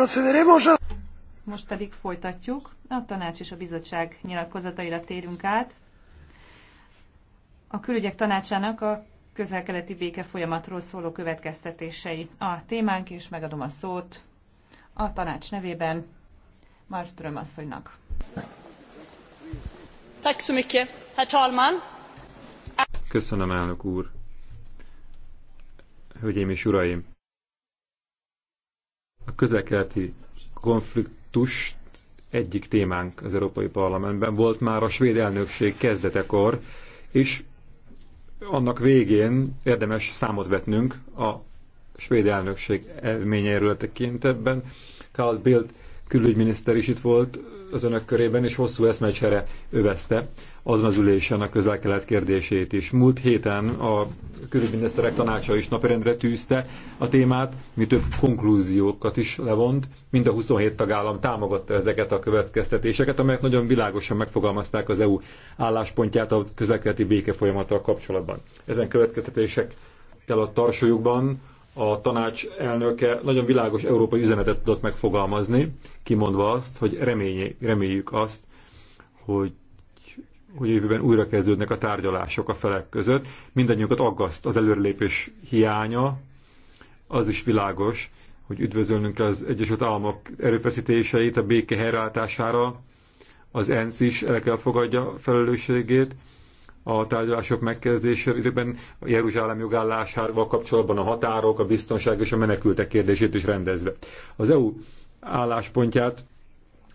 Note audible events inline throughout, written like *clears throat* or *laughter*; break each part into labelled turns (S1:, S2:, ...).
S1: a... Most pedig folytatjuk. A tanács és a bizottság nyilatkozataira térünk át. A külügyek tanácsának a közel-keleti béke folyamatról szóló következtetései a témánk, és megadom a szót a tanács nevében Marström asszonynak.
S2: Köszönöm, elnök úr! Hölgyeim és uraim! A közelkeleti konfliktust egyik témánk az Európai Parlamentben volt már a svéd elnökség kezdetekor, és annak végén érdemes számot vetnünk a svéd elnökség elményeiről tekintetben. Carl Bildt külügyminiszter is itt volt az önök körében, és hosszú eszmecsere övezte azon az ülésen a közel-kelet kérdését is. Múlt héten a külügyminiszterek tanácsa is napirendre tűzte a témát, mi több konklúziókat is levont. Mind a 27 tagállam támogatta ezeket a következtetéseket, amelyek nagyon világosan megfogalmazták az EU álláspontját a közel-keleti béke folyamattal kapcsolatban. Ezen következtetések kell a tarsolyukban a tanács elnöke nagyon világos európai üzenetet tudott megfogalmazni, kimondva azt, hogy reményi, reméljük azt, hogy hogy jövőben újra kezdődnek a tárgyalások a felek között. Mindannyiunkat aggaszt az előrelépés hiánya, az is világos, hogy üdvözölnünk az Egyesült Államok erőfeszítéseit a béke helyreállítására, az ENSZ is el kell fogadja felelősségét, a tárgyalások megkezdése időben a Jeruzsálem jogállásával kapcsolatban a határok, a biztonság és a menekültek kérdését is rendezve. Az EU álláspontját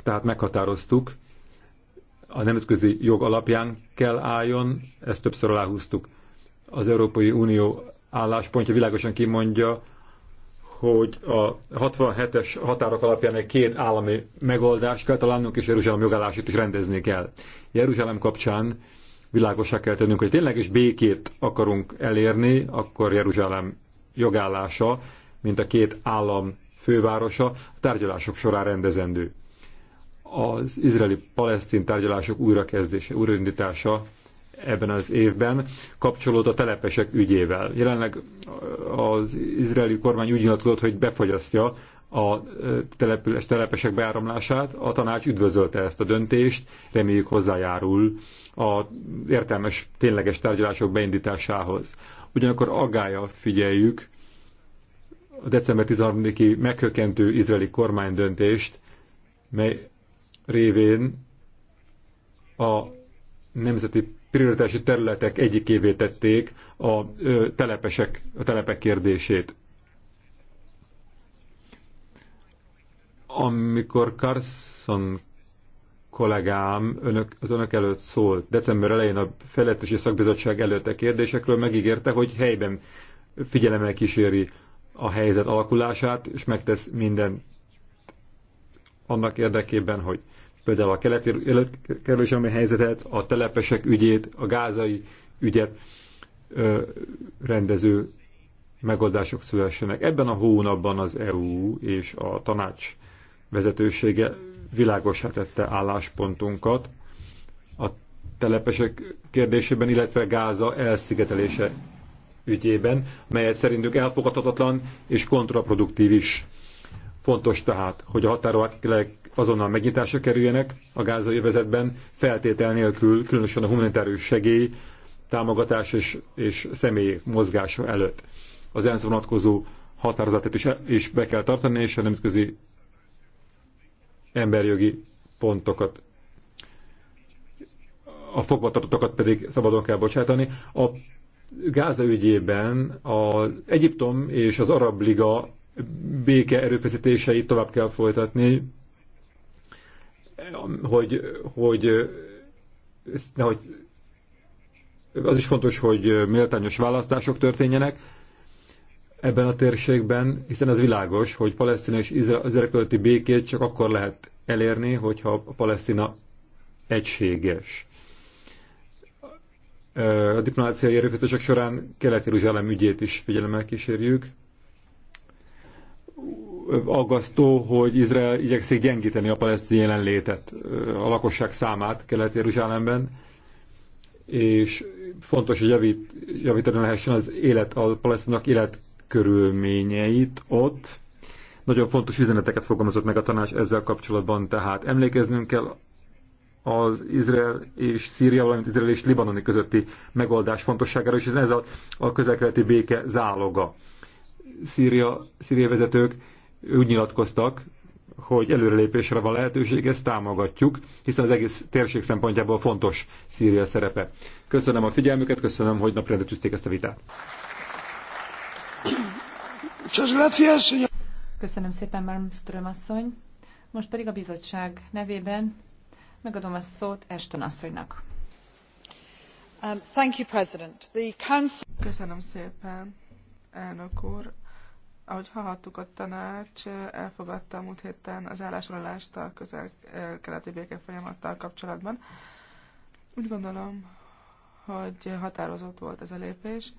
S2: tehát meghatároztuk, a nemzetközi jog alapján kell álljon, ezt többször aláhúztuk. Az Európai Unió álláspontja világosan kimondja, hogy a 67-es határok alapján egy két állami megoldást kell találnunk, és Jeruzsálem jogállását is rendezni kell. Jeruzsálem kapcsán világosá kell tennünk, hogy tényleg is békét akarunk elérni, akkor Jeruzsálem jogállása, mint a két állam fővárosa, a tárgyalások során rendezendő. Az izraeli-palesztin tárgyalások újrakezdése, újraindítása ebben az évben kapcsolód a telepesek ügyével. Jelenleg az izraeli kormány úgy nyilatkozott, hogy befogyasztja a település, telepesek beáramlását. A tanács üdvözölte ezt a döntést, reméljük hozzájárul a értelmes, tényleges tárgyalások beindításához. Ugyanakkor aggája figyeljük a december 13-i meghökkentő izraeli kormány döntést, mely révén a nemzeti prioritási területek egyikévé tették a telepesek, a telepek kérdését. Amikor Carson kollégám önök, az önök előtt szólt, december elején a felettesi szakbizottság előtte kérdésekről megígérte, hogy helyben figyelemmel kíséri a helyzet alakulását, és megtesz minden annak érdekében, hogy például a kelet-kelet helyzetet, a telepesek ügyét, a gázai ügyet ö, rendező megoldások szülessenek. Ebben a hónapban az EU és a tanács vezetősége világosá tette álláspontunkat a telepesek kérdésében, illetve Gáza elszigetelése ügyében, melyet szerintük elfogadhatatlan és kontraproduktív is. Fontos tehát, hogy a határok azonnal megnyitásra kerüljenek a gázai övezetben, feltétel nélkül, különösen a humanitárius segély, támogatás és, és személy mozgása előtt. Az ENSZ vonatkozó határozatot is, is be kell tartani, és a nemzetközi emberjogi pontokat a fogvatartottakat pedig szabadon kell bocsátani. A Gáza ügyében az Egyiptom és az Arab Liga béke erőfeszítéseit tovább kell folytatni, hogy, hogy, hogy az is fontos, hogy méltányos választások történjenek, ebben a térségben, hiszen ez világos, hogy Palesztina és Izrael közötti békét csak akkor lehet elérni, hogyha a Palesztina egységes. A diplomáciai erőfeszítések során Kelet-Jeruzsálem ügyét is figyelemmel kísérjük. Aggasztó, hogy Izrael igyekszik gyengíteni a palesztin jelenlétet, a lakosság számát Kelet-Jeruzsálemben, és fontos, hogy javít, javítani lehessen az élet, a palesztinak élet körülményeit ott. Nagyon fontos üzeneteket fogalmazott meg a tanács ezzel kapcsolatban, tehát emlékeznünk kell az Izrael és Szíria, valamint Izrael és Libanoni közötti megoldás fontosságára, és ez a, a közelkeleti béke záloga. Szíria, szíria vezetők úgy nyilatkoztak, hogy előrelépésre van lehetőség, ezt támogatjuk, hiszen az egész térség szempontjából fontos Szíria szerepe. Köszönöm a figyelmüket, köszönöm, hogy napirendre tűzték ezt a vitát.
S1: Köszönöm szépen, Malmström asszony. Most pedig a bizottság nevében megadom a szót
S3: Ashton asszonynak. Um, thank you, President. The Council... Köszönöm szépen, elnök úr. Ahogy hallhattuk, a tanács elfogadta múlt héten az állásolalást a közel-keleti eh, béke folyamattal kapcsolatban. Úgy gondolom, hogy határozott volt ez a lépés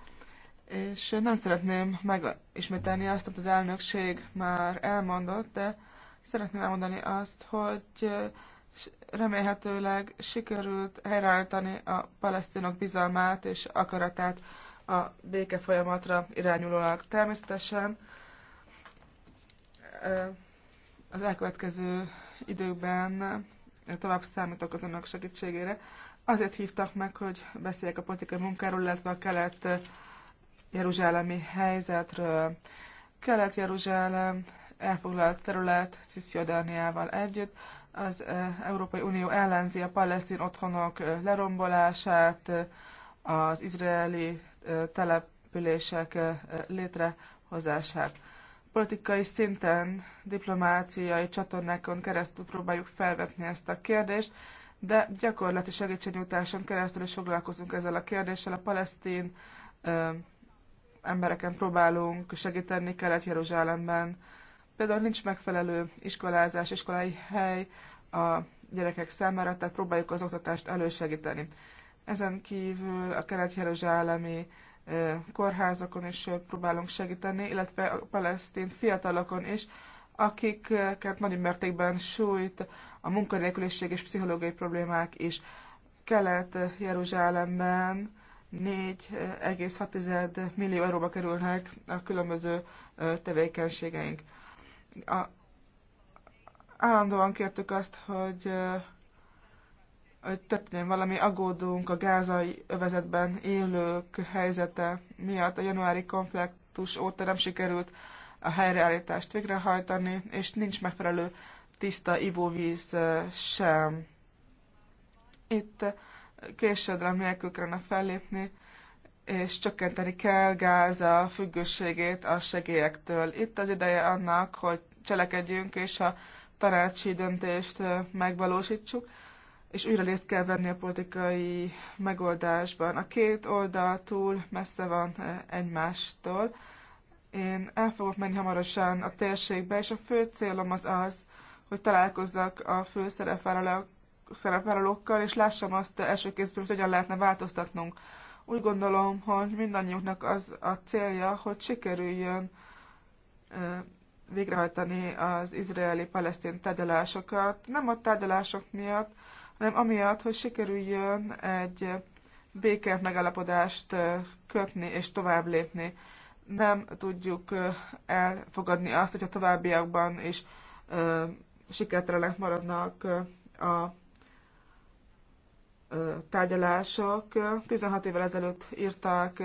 S3: és nem szeretném megismételni azt, amit az elnökség már elmondott, de szeretném elmondani azt, hogy remélhetőleg sikerült helyreállítani a palesztinok bizalmát és akaratát a béke folyamatra irányulólag. Természetesen az elkövetkező időkben tovább számítok az önök segítségére. Azért hívtak meg, hogy beszéljek a politikai munkáról, illetve a kelet jeruzsálemi helyzetről. Kelet-Jeruzsálem elfoglalt terület Cisjordániával együtt. Az Európai Unió ellenzi a palesztin otthonok lerombolását, az izraeli települések létrehozását. Politikai szinten, diplomáciai csatornákon keresztül próbáljuk felvetni ezt a kérdést, de gyakorlati segítségnyújtáson keresztül is foglalkozunk ezzel a kérdéssel. A palesztin embereken próbálunk segíteni Kelet-Jeruzsálemben. Például nincs megfelelő iskolázás, iskolai hely a gyerekek számára, tehát próbáljuk az oktatást elősegíteni. Ezen kívül a kelet-jeruzsálemi kórházakon is próbálunk segíteni, illetve a palesztin fiatalokon is, akiket nagy mértékben sújt a munkanélküliség és pszichológiai problémák is. Kelet-Jeruzsálemben 4,6 millió euróba kerülnek a különböző tevékenységeink. A, állandóan kértük azt, hogy, hogy történjen valami, aggódunk a gázai övezetben élők helyzete miatt. A januári konfliktus óta nem sikerült a helyreállítást végrehajtani, és nincs megfelelő tiszta ivóvíz sem. Itt késedelem nélkül kellene fellépni, és csökkenteni kell Gáza függőségét a segélyektől. Itt az ideje annak, hogy cselekedjünk, és a tanácsi döntést megvalósítsuk, és újra részt kell venni a politikai megoldásban. A két oldal túl messze van egymástól. Én el fogok menni hamarosan a térségbe, és a fő célom az az, hogy találkozzak a főszerepvállalók szerepvállalókkal, és lássam azt első kézből, hogy hogyan lehetne változtatnunk. Úgy gondolom, hogy mindannyiunknak az a célja, hogy sikerüljön végrehajtani az izraeli-palesztin tárgyalásokat, nem a tárgyalások miatt, hanem amiatt, hogy sikerüljön egy béke megállapodást kötni és tovább lépni. Nem tudjuk elfogadni azt, hogy a továbbiakban is sikertelenek maradnak a tárgyalások. 16 évvel ezelőtt írták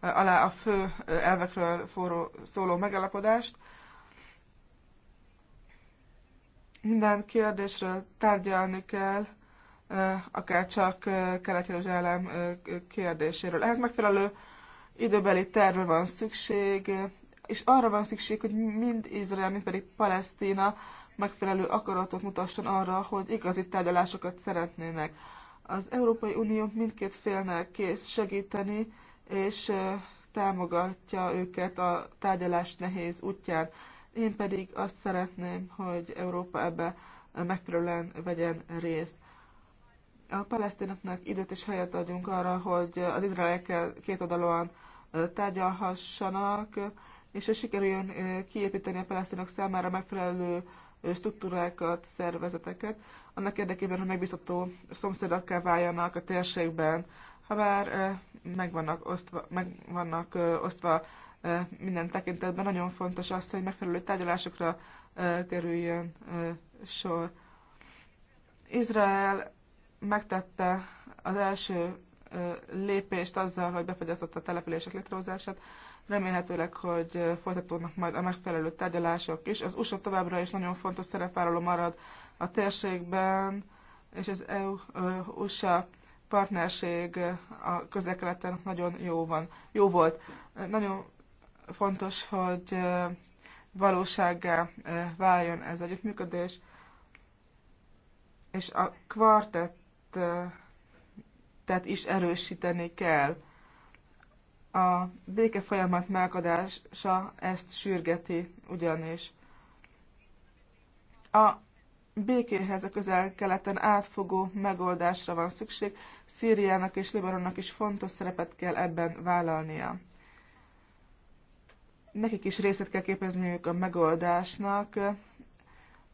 S3: alá a fő elvekről forró, szóló megalapodást. Minden kérdésről tárgyalni kell, akár csak Kelet-Jeruzsálem kérdéséről. Ehhez megfelelő időbeli tervre van szükség, és arra van szükség, hogy mind Izrael, mind pedig Palesztina megfelelő akaratot mutasson arra, hogy igazi tárgyalásokat szeretnének. Az Európai Unió mindkét félnek kész segíteni, és támogatja őket a tárgyalás nehéz útján. Én pedig azt szeretném, hogy Európa ebbe megfelelően vegyen részt. A palesztinoknak időt és helyet adjunk arra, hogy az izraelekkel kétoldalúan tárgyalhassanak, és hogy sikerüljön kiépíteni a palesztinok számára megfelelő struktúrákat, szervezeteket annak érdekében, hogy megbízható szomszédokká váljanak a térségben, bár meg vannak osztva, meg vannak osztva minden tekintetben, nagyon fontos az, hogy megfelelő tárgyalásokra kerüljön sor. Izrael megtette az első lépést azzal, hogy befagyasztotta a települések létrehozását. Remélhetőleg, hogy folytatódnak majd a megfelelő tárgyalások is. Az USA továbbra is nagyon fontos szerepvállaló marad a térségben, és az EU-USA partnerség a közelkeleten nagyon jó, van, jó volt. Nagyon fontos, hogy valósággá váljon ez együttműködés, és a kvartettet tehát is erősíteni kell. A béke folyamat megadása ezt sürgeti ugyanis. A békéhez a közel-keleten átfogó megoldásra van szükség, Szíriának és Libanonnak is fontos szerepet kell ebben vállalnia. Nekik is részét kell képezniük a megoldásnak,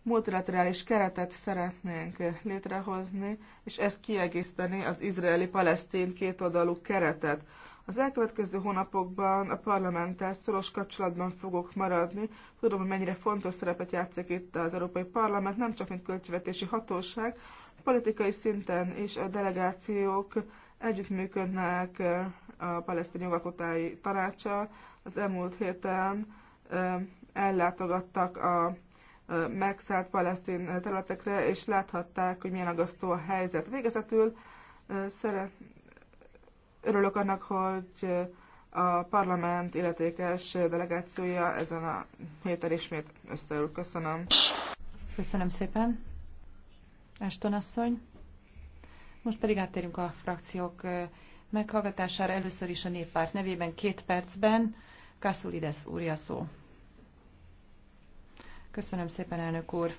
S3: multilaterális keretet szeretnénk létrehozni, és ezt kiegészíteni az izraeli-palesztin kétoldalú keretet. Az elkövetkező hónapokban a parlamenttel szoros kapcsolatban fogok maradni. Tudom, hogy mennyire fontos szerepet játszik itt az Európai Parlament, nem csak mint költségvetési hatóság, politikai szinten is a delegációk együttműködnek eh, a palesztin jogalkotási tanácsa. Az elmúlt héten eh, ellátogattak a eh, megszállt palesztin területekre, és láthatták, hogy milyen agasztó a helyzet. Végezetül szeretném Örülök annak, hogy a parlament illetékes delegációja ezen a héten ismét összeül. Köszönöm.
S1: Köszönöm szépen. Eston asszony. Most pedig áttérünk a frakciók meghallgatására. Először is a néppárt nevében két percben. kasszulides úr a szó. Köszönöm szépen, elnök úr.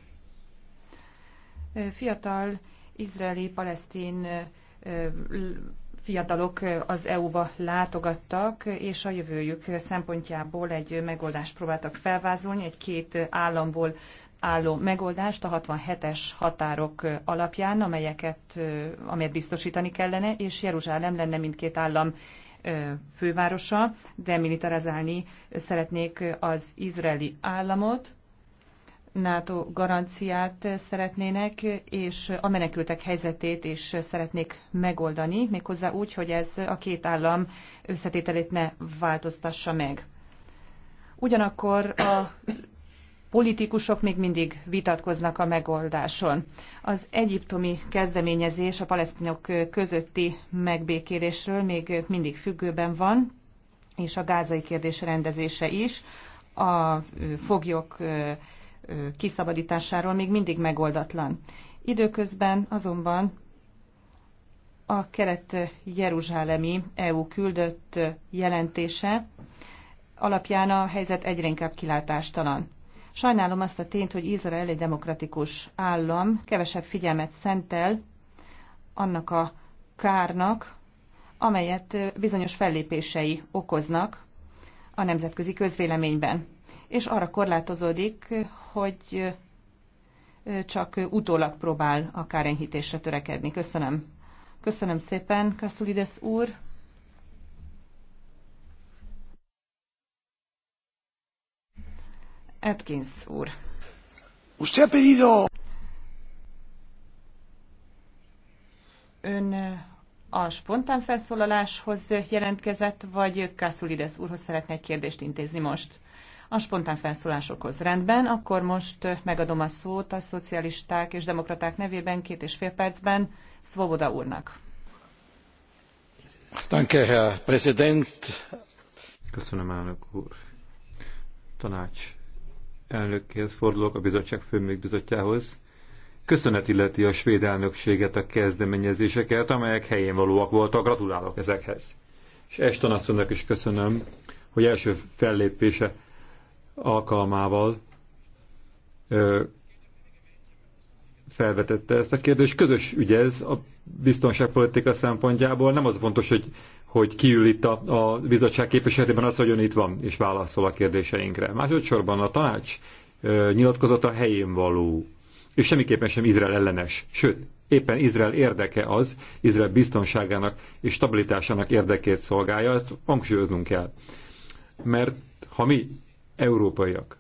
S1: Fiatal izraeli-palesztin fiatalok az EU-ba látogattak, és a jövőjük szempontjából egy megoldást próbáltak felvázolni, egy két államból álló megoldást a 67-es határok alapján, amelyeket, amelyet biztosítani kellene, és Jeruzsálem lenne mindkét állam fővárosa, de militarizálni szeretnék az izraeli államot, NATO garanciát szeretnének, és a menekültek helyzetét is szeretnék megoldani, méghozzá úgy, hogy ez a két állam összetételét ne változtassa meg. Ugyanakkor a politikusok még mindig vitatkoznak a megoldáson. Az egyiptomi kezdeményezés a palesztinok közötti megbékélésről még mindig függőben van, és a gázai kérdés rendezése is. A foglyok kiszabadításáról még mindig megoldatlan. Időközben azonban a keret jeruzsálemi EU küldött jelentése alapján a helyzet egyre inkább kilátástalan. Sajnálom azt a tényt, hogy Izrael egy demokratikus állam kevesebb figyelmet szentel annak a kárnak, amelyet bizonyos fellépései okoznak a nemzetközi közvéleményben és arra korlátozódik, hogy csak utólag próbál a kárenyhítésre törekedni. Köszönöm. Köszönöm szépen, Kasztulides úr. Atkins úr.
S3: Usted ha pedido...
S1: Ön a spontán felszólaláshoz jelentkezett, vagy Kászulides úrhoz szeretne egy kérdést intézni most? a spontán felszólásokhoz. Rendben, akkor most megadom a szót a szocialisták és demokraták nevében két és fél percben Svoboda úrnak.
S2: Danke, Herr Präsident. Köszönöm, elnök úr. Tanács elnökkéhez fordulok, a bizottság főműkbizottjához. Köszönet illeti a svéd elnökséget a kezdeményezéseket, amelyek helyén valóak voltak. Gratulálok ezekhez. És Eston asszonynak is köszönöm, hogy első fellépése alkalmával felvetette ezt a kérdést. Közös ügy ez a biztonságpolitika szempontjából. Nem az fontos, hogy, hogy kiül itt a, a bizottság képviseletében az, hogy ön itt van, és válaszol a kérdéseinkre. Másodszorban a tanács ö, nyilatkozata helyén való, és semmiképpen sem Izrael ellenes. Sőt, éppen Izrael érdeke az, Izrael biztonságának és stabilitásának érdekét szolgálja, ezt hangsúlyoznunk kell. Mert ha mi európaiak.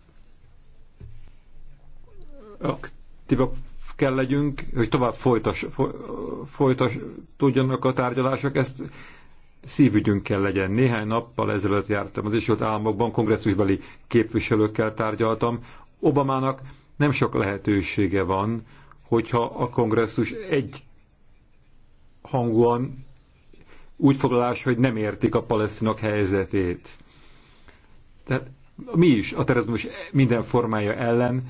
S2: Aktívak kell legyünk, hogy tovább folytas, folytas tudjanak a tárgyalások, ezt szívügyünk kell legyen. Néhány nappal ezelőtt jártam az Egyesült Államokban, kongresszusbeli képviselőkkel tárgyaltam. Obamának nem sok lehetősége van, hogyha a kongresszus egy hangúan úgy foglalás, hogy nem értik a palesztinok helyzetét. Tehát mi is a terrorizmus minden formája ellen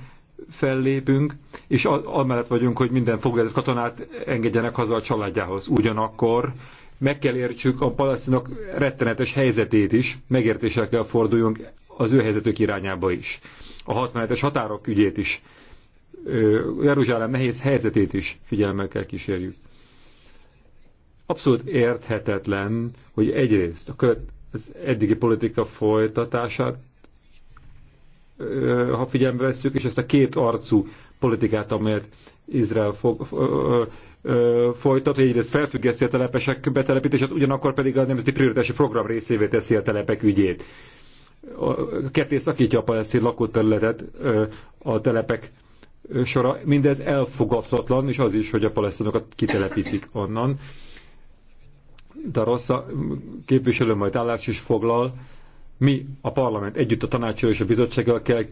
S2: fellépünk, és amellett vagyunk, hogy minden foglalkozott katonát engedjenek haza a családjához. Ugyanakkor meg kell értsük a palasztinok rettenetes helyzetét is, megértéssel kell forduljunk az ő helyzetük irányába is. A 67-es határok ügyét is, Jeruzsálem nehéz helyzetét is figyelemmel kell kísérjük. Abszolút érthetetlen, hogy egyrészt a követ, az eddigi politika folytatását ha figyelembe vesszük, és ezt a két arcú politikát, amelyet Izrael fog, ö, ö, folytat, hogy egyrészt felfüggeszi a telepesek betelepítését, ugyanakkor pedig a nemzeti prioritási program részévé teszi a telepek ügyét. Ketté szakítja a palesztin lakóterületet a telepek sora. Mindez elfogadhatatlan, és az is, hogy a palesztinokat kitelepítik onnan. De rossz a képviselő majd állást is foglal, mi a parlament együtt a tanácsal és a bizottsággal kell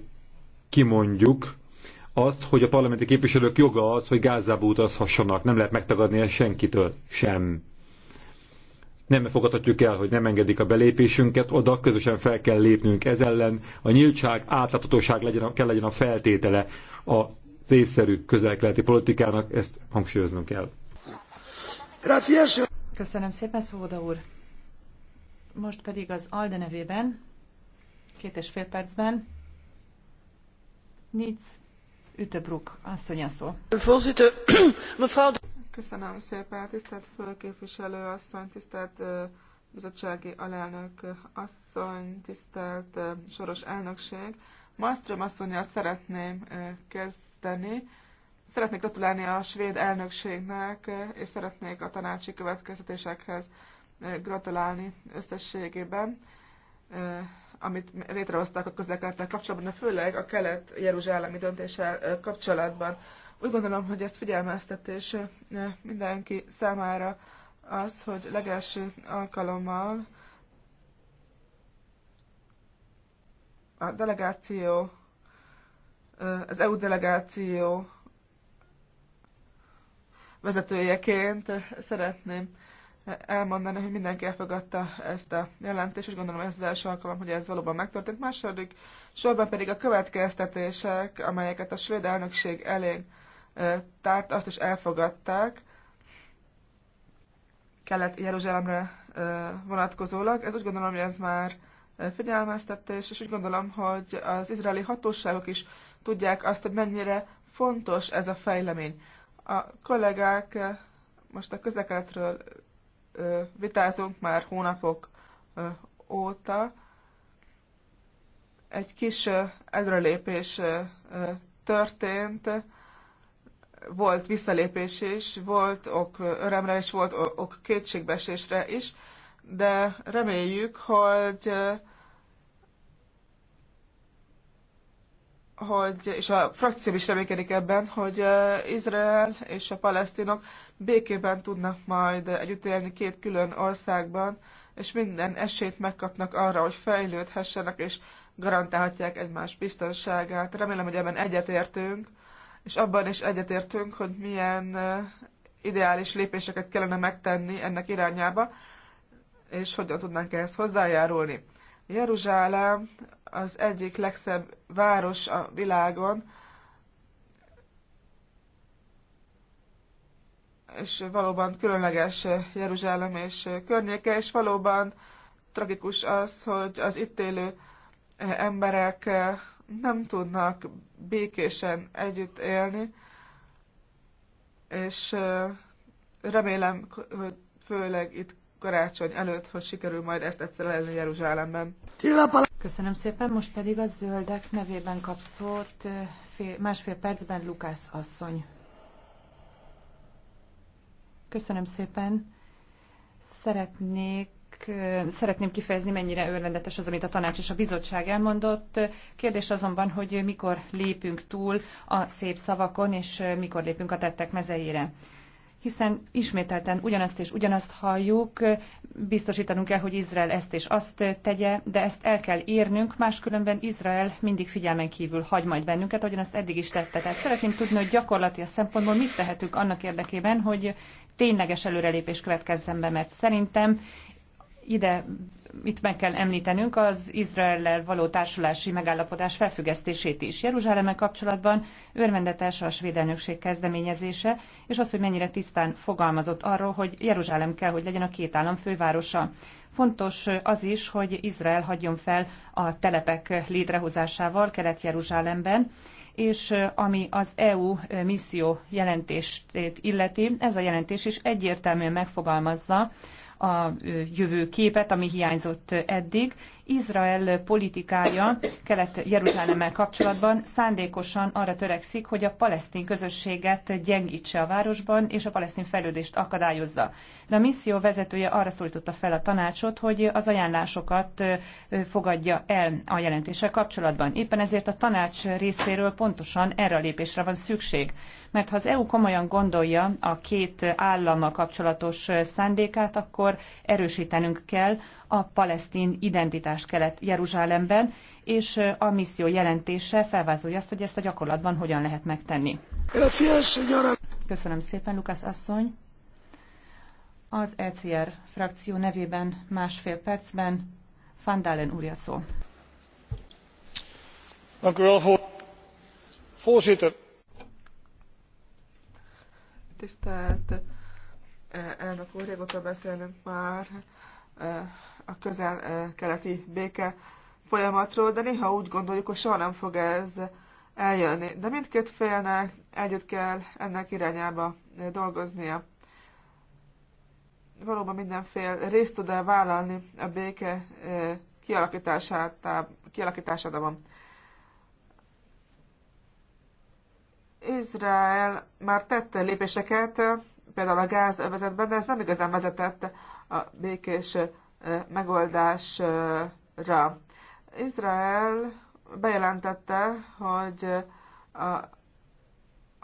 S2: kimondjuk azt, hogy a parlamenti képviselők joga az, hogy Gázába utazhassanak. Nem lehet megtagadni ezt senkitől sem. Nem fogadhatjuk el, hogy nem engedik a belépésünket, oda közösen fel kell lépnünk ez ellen. A nyíltság, átláthatóság legyen, kell legyen a feltétele a észszerű közelkeleti politikának, ezt hangsúlyoznunk kell.
S1: Köszönöm szépen, Szóda úr! Most pedig az Alde nevében, két és fél percben, Nitz Ütebruk asszonya szó. *clears throat*
S3: Köszönöm szépen, tisztelt főképviselő asszony, tisztelt bizottsági alelnök asszony, tisztelt soros elnökség. Malmström asszonya szeretném kezdeni. Szeretnék gratulálni a svéd elnökségnek, és szeretnék a tanácsi következtetésekhez gratulálni összességében, amit létrehoztak a közlekedettel kapcsolatban, de főleg a kelet-jeruzsálemi döntéssel kapcsolatban. Úgy gondolom, hogy ezt figyelmeztetés mindenki számára az, hogy legelső alkalommal a delegáció, az EU delegáció vezetőjeként szeretném elmondani, hogy mindenki elfogadta ezt a jelentést, és gondolom ez az első alkalom, hogy ez valóban megtörtént. Második sorban pedig a következtetések, amelyeket a svéd elnökség elé tárt, azt is elfogadták kellett jeruzsálemre vonatkozólag. Ez úgy gondolom, hogy ez már figyelmeztetés, és úgy gondolom, hogy az izraeli hatóságok is tudják azt, hogy mennyire fontos ez a fejlemény. A kollégák most a közlekedetről vitázunk már hónapok óta. Egy kis előrelépés történt, volt visszalépés is, volt ok örömre és volt ok kétségbeesésre is, de reméljük, hogy hogy, és a frakció is reménykedik ebben, hogy Izrael és a palesztinok békében tudnak majd együtt élni két külön országban, és minden esélyt megkapnak arra, hogy fejlődhessenek, és garantálhatják egymás biztonságát. Remélem, hogy ebben egyetértünk, és abban is egyetértünk, hogy milyen ideális lépéseket kellene megtenni ennek irányába, és hogyan tudnánk ehhez hozzájárulni. Jeruzsálem az egyik legszebb város a világon, és valóban különleges Jeruzsálem és környéke, és valóban tragikus az, hogy az itt élő emberek nem tudnak békésen együtt élni, és remélem, hogy főleg itt karácsony előtt, hogy sikerül majd ezt egyszer lezni Jeruzsálemben.
S1: Köszönöm szépen, most pedig a zöldek nevében kap szót fél, másfél percben Lukász asszony. Köszönöm szépen. Szeretnék szeretném kifejezni, mennyire örvendetes az, amit a tanács és a bizottság elmondott. Kérdés azonban, hogy mikor lépünk túl a szép szavakon, és mikor lépünk a tettek mezeire hiszen ismételten ugyanazt és ugyanazt halljuk, biztosítanunk kell, hogy Izrael ezt és azt tegye, de ezt el kell érnünk, máskülönben Izrael mindig figyelmen kívül hagy majd bennünket, ahogyan azt eddig is tette. Tehát szeretném tudni, hogy a szempontból mit tehetünk annak érdekében, hogy tényleges előrelépés következzen be, mert szerintem ide itt meg kell említenünk az izrael való társulási megállapodás felfüggesztését is. Jeruzsálemmel kapcsolatban örvendetes a svéd elnökség kezdeményezése, és az, hogy mennyire tisztán fogalmazott arról, hogy Jeruzsálem kell, hogy legyen a két állam fővárosa. Fontos az is, hogy Izrael hagyjon fel a telepek létrehozásával Kelet-Jeruzsálemben, és ami az EU misszió jelentését illeti, ez a jelentés is egyértelműen megfogalmazza, a jövőképet, ami hiányzott eddig, Izrael politikája Kelet-Jeruzsálemmel kapcsolatban szándékosan arra törekszik, hogy a palesztin közösséget gyengítse a városban, és a palesztin fejlődést akadályozza. De a misszió vezetője arra szólította fel a tanácsot, hogy az ajánlásokat fogadja el a jelentéssel kapcsolatban. Éppen ezért a tanács részéről pontosan erre a lépésre van szükség mert ha az EU komolyan gondolja a két állammal kapcsolatos szándékát, akkor erősítenünk kell a palesztin identitás Kelet-Jeruzsálemben, és a misszió jelentése felvázolja azt, hogy ezt a gyakorlatban hogyan lehet megtenni. Köszönöm szépen, Lukasz asszony. Az ECR frakció nevében másfél percben Fandalen úrja szó.
S3: Tisztelt eh, elnök úr, régóta beszélünk már eh, a közel-keleti béke folyamatról, de néha úgy gondoljuk, hogy soha nem fog ez eljönni. De mindkét félnek együtt kell ennek irányába dolgoznia. Valóban mindenfél részt tud -e vállalni a béke kialakításában. Izrael már tette lépéseket, például a gázövezetben, de ez nem igazán vezetett a békés megoldásra. Izrael bejelentette, hogy, a,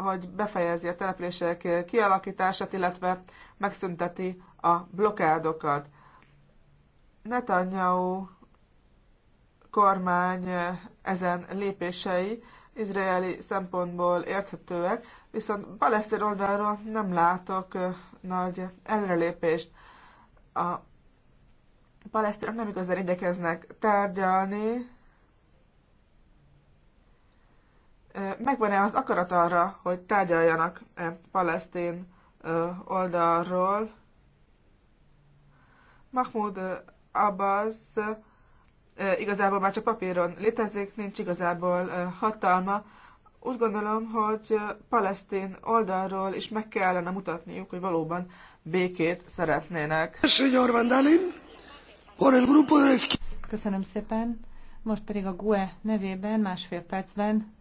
S3: hogy befejezi a települések kialakítását, illetve megszünteti a blokádokat. Netanyahu kormány ezen lépései izraeli szempontból érthetőek, viszont palesztin oldalról nem látok nagy előrelépést. A a palesztinok nem igazán igyekeznek tárgyalni. Megvan-e az akarat arra, hogy tárgyaljanak -e palesztin oldalról? Mahmoud Abbas igazából már csak papíron létezik, nincs igazából hatalma. Úgy gondolom, hogy palesztin oldalról is meg kellene mutatniuk, hogy valóban békét szeretnének. Senyor Vandalin!
S1: Köszönöm szépen. Most pedig a GUE nevében másfél percben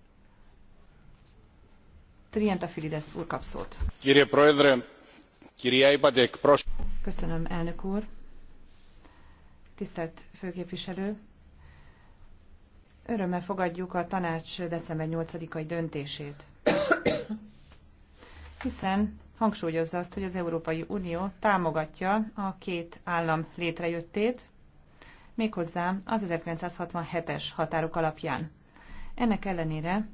S1: Trienta Filides úr kap szót. Köszönöm, elnök úr. Tisztelt főképviselő, örömmel fogadjuk a tanács december 8-ai döntését, *coughs* hiszen hangsúlyozza azt, hogy az Európai Unió támogatja a két állam létrejöttét, méghozzá az 1967-es határok alapján. Ennek ellenére,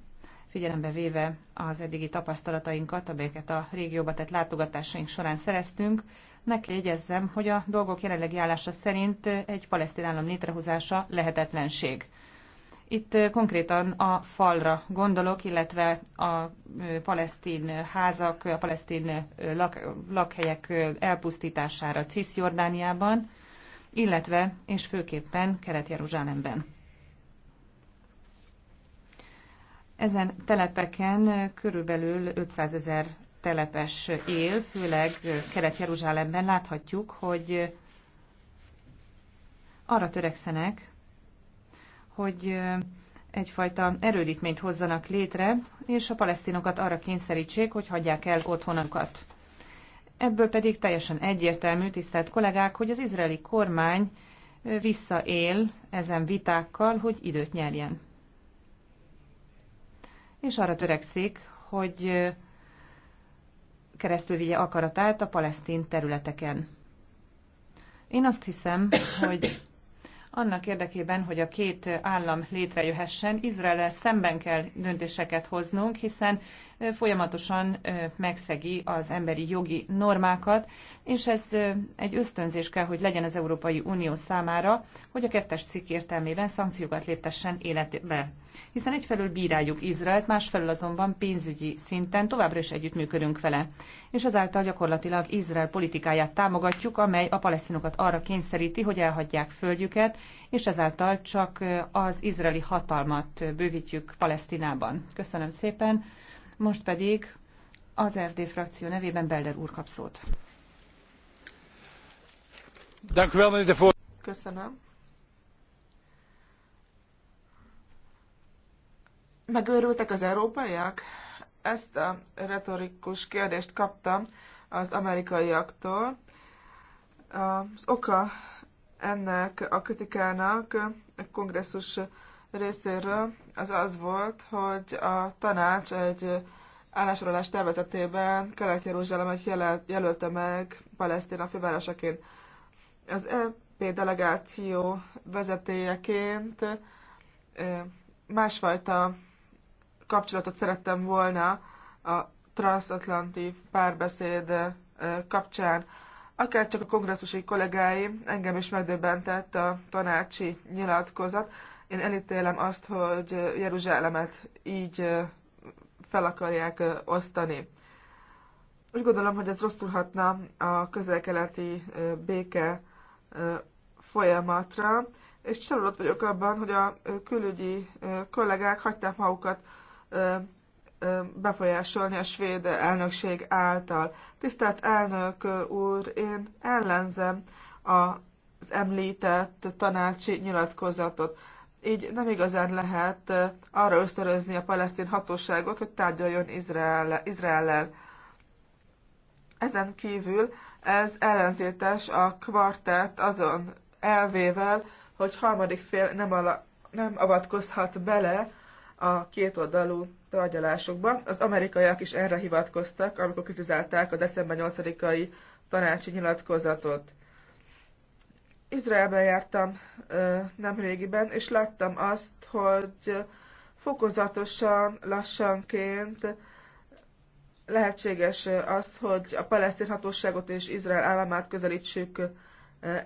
S1: figyelembe véve az eddigi tapasztalatainkat, amelyeket a régióba tett látogatásaink során szereztünk, megjegyezzem, hogy a dolgok jelenlegi állása szerint egy palesztin állam létrehozása lehetetlenség. Itt konkrétan a falra gondolok, illetve a palesztin házak, a palesztin lak, lakhelyek elpusztítására Cisjordániában, illetve és főképpen Kelet-Jeruzsálemben. Ezen telepeken körülbelül 500 ezer telepes él, főleg Kelet-Jeruzsálemben láthatjuk, hogy arra törekszenek, hogy egyfajta erődítményt hozzanak létre, és a palesztinokat arra kényszerítsék, hogy hagyják el otthonukat. Ebből pedig teljesen egyértelmű, tisztelt kollégák, hogy az izraeli kormány visszaél ezen vitákkal, hogy időt nyerjen. És arra törekszik, hogy keresztül vigye akaratát a palesztin területeken. Én azt hiszem, hogy annak érdekében, hogy a két állam létrejöhessen, Izrael szemben kell döntéseket hoznunk, hiszen folyamatosan megszegi az emberi jogi normákat, és ez egy ösztönzés kell, hogy legyen az Európai Unió számára, hogy a kettes cikk értelmében szankciókat léptessen életbe. Hiszen egyfelől bíráljuk Izraelt, másfelől azonban pénzügyi szinten továbbra is együttműködünk vele, és azáltal gyakorlatilag Izrael politikáját támogatjuk, amely a palesztinokat arra kényszeríti, hogy elhagyják földjüket, és ezáltal csak az izraeli hatalmat bővítjük Palesztinában. Köszönöm szépen. Most pedig az RD frakció nevében Belder úr kap szót.
S3: Köszönöm. Megőrültek az európaiak? Ezt a retorikus kérdést kaptam az amerikaiaktól. Az oka ennek a kritikának a kongresszus részéről az az volt, hogy a tanács egy állásorolás tervezetében Kelet-Jeruzsálemet jelölte meg Palesztina fővárosaként. Az EP delegáció vezetéjeként másfajta kapcsolatot szerettem volna a transatlanti párbeszéd kapcsán. Akár csak a kongresszusi kollégáim, engem is megdöbbentett a tanácsi nyilatkozat. Én elítélem azt, hogy Jeruzsálemet így fel akarják osztani. Úgy gondolom, hogy ez rosszulhatna a közel-keleti béke folyamatra, és csalódott vagyok abban, hogy a külügyi kollégák hagyták magukat befolyásolni a svéd elnökség által. Tisztelt elnök úr, én ellenzem az említett tanácsi nyilatkozatot. Így nem igazán lehet arra ösztönözni a palesztin hatóságot, hogy tárgyaljon Izrael Izraellel. Ezen kívül ez ellentétes a kvartett azon elvével, hogy harmadik fél nem, ala, nem avatkozhat bele a kétoldalú tárgyalásokban. Az amerikaiak is erre hivatkoztak, amikor kritizálták a december 8-ai tanácsi nyilatkozatot. Izraelben jártam nem régiben, és láttam azt, hogy fokozatosan, lassanként lehetséges az, hogy a palesztin hatóságot és Izrael államát közelítsük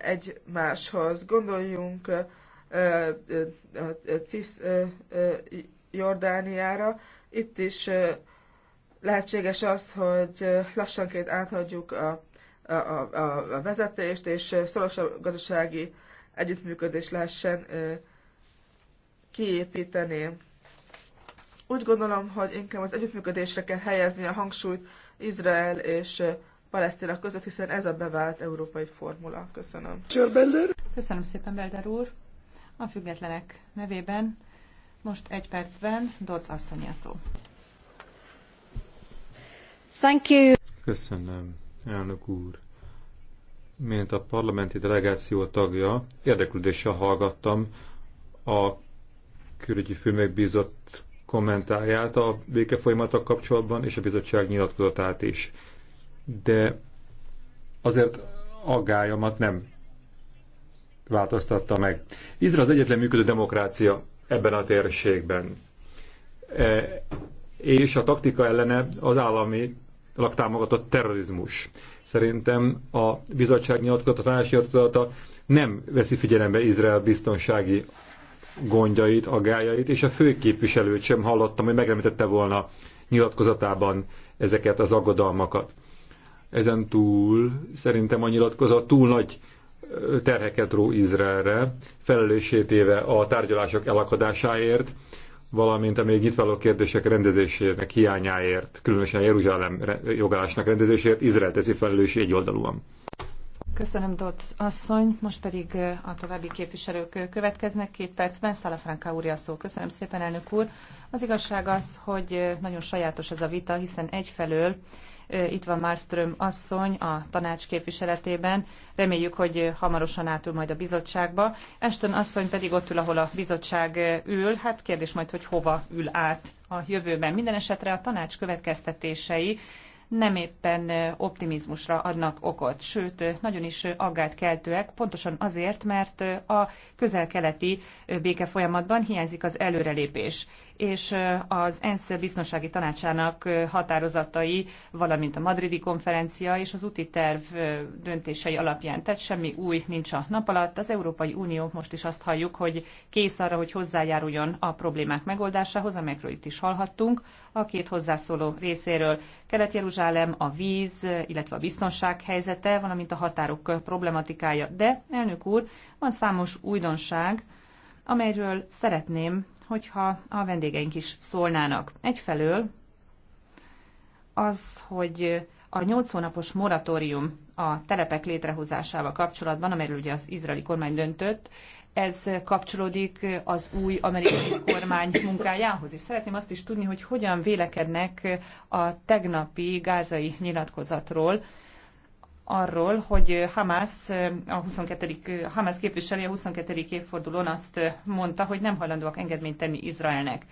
S3: egymáshoz. Gondoljunk CISZ Jordániára. Itt is lehetséges az, hogy lassanként áthagyjuk a, a, a, a vezetést, és szorosabb gazdasági együttműködés lehessen kiépíteni. Úgy gondolom, hogy inkább az együttműködésre kell helyezni a hangsúlyt Izrael és Palesztina között, hiszen ez a bevált európai formula. Köszönöm. Köszönöm szépen, Belder úr.
S1: A függetlenek nevében most egy percben Dolc asszony a szó. Thank you.
S2: Köszönöm, elnök úr. Mint a parlamenti delegáció tagja, érdeklődéssel hallgattam a külügyi főmegbízott kommentáját a békefolyamatok kapcsolatban, és a bizottság nyilatkozatát is. De azért aggályomat nem változtatta meg. Izrael az egyetlen működő demokrácia ebben a térségben. E, és a taktika ellene az állami laktámogatott terrorizmus. Szerintem a bizottság nyilatkozatási a nem veszi figyelembe Izrael biztonsági gondjait, agájait, és a főképviselőt sem hallottam, hogy megremítette volna nyilatkozatában ezeket az aggodalmakat. Ezen túl szerintem a nyilatkozat túl nagy terheket ró Izraelre, felelőssétéve a tárgyalások elakadásáért, valamint a még itt való kérdések rendezésének hiányáért, különösen Jeruzsálem jogállásnak rendezéséért Izrael teszi felelősség oldalúan.
S1: Köszönöm, Dott asszony. Most pedig a további képviselők következnek. Két percben Szalafranka úr a szó. Köszönöm szépen, elnök úr. Az igazság az, hogy nagyon sajátos ez a vita, hiszen egyfelől itt van Márström asszony a tanács képviseletében. Reméljük, hogy hamarosan átül majd a bizottságba. Eston asszony pedig ott ül, ahol a bizottság ül. Hát kérdés majd, hogy hova ül át a jövőben. Minden esetre a tanács következtetései nem éppen optimizmusra adnak okot, sőt, nagyon is aggát keltőek, pontosan azért, mert a közel-keleti béke folyamatban hiányzik az előrelépés és az ENSZ biztonsági tanácsának határozatai, valamint a madridi konferencia és az úti terv döntései alapján. Tehát semmi új nincs a nap alatt. Az Európai Unió most is azt halljuk, hogy kész arra, hogy hozzájáruljon a problémák megoldásához, amelyekről itt is hallhattunk a két hozzászóló részéről. Kelet-Jeruzsálem, a víz, illetve a biztonság helyzete, valamint a határok problematikája. De, elnök úr, van számos újdonság, amelyről szeretném hogyha a vendégeink is szólnának. Egyfelől az, hogy a nyolc hónapos moratórium a telepek létrehozásával kapcsolatban, amelyről ugye az izraeli kormány döntött, ez kapcsolódik az új amerikai kormány munkájához, és szeretném azt is tudni, hogy hogyan vélekednek a tegnapi gázai nyilatkozatról, arról, hogy Hamas, a 22. Hamas képviselő a 22. évfordulón azt mondta, hogy nem hajlandóak engedményt tenni Izraelnek.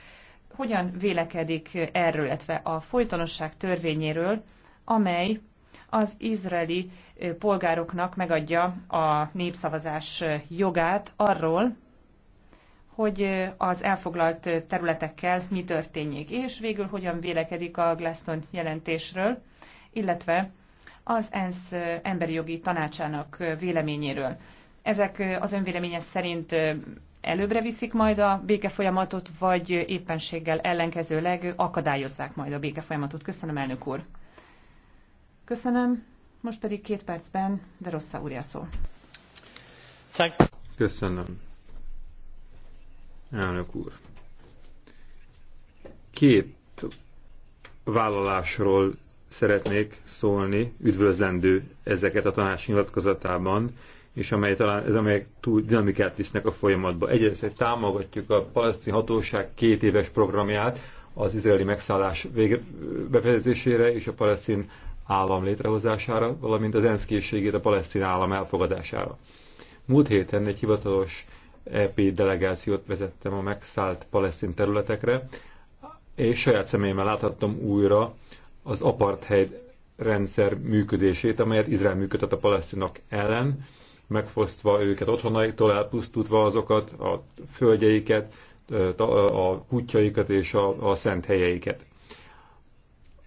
S1: Hogyan vélekedik erről, illetve a folytonosság törvényéről, amely az izraeli polgároknak megadja a népszavazás jogát arról, hogy az elfoglalt területekkel mi történjék, és végül hogyan vélekedik a Glaston jelentésről, illetve az ENSZ emberi jogi tanácsának véleményéről. Ezek az önvéleménye szerint előbbre viszik majd a békefolyamatot, vagy éppenséggel ellenkezőleg akadályozzák majd a békefolyamatot. Köszönöm, elnök úr. Köszönöm. Most pedig két percben de rossz úr a szó.
S2: Köszönöm. Elnök úr. Két vállalásról szeretnék szólni, üdvözlendő ezeket a tanács nyilatkozatában, és amely talán, ez amelyek túl dinamikát visznek a folyamatba. Egyrészt, hogy támogatjuk a palesztin hatóság két éves programját az izraeli megszállás vége, befejezésére és a palesztin állam létrehozására, valamint az ENSZ készségét a palesztin állam elfogadására. Múlt héten egy hivatalos EP delegációt vezettem a megszállt palesztin területekre, és saját személyemmel láthattam újra az apartheid rendszer működését, amelyet Izrael működtet a palesztinok ellen, megfosztva őket otthonaiktól, elpusztítva azokat, a földjeiket, a kutyaikat és a, a szent helyeiket.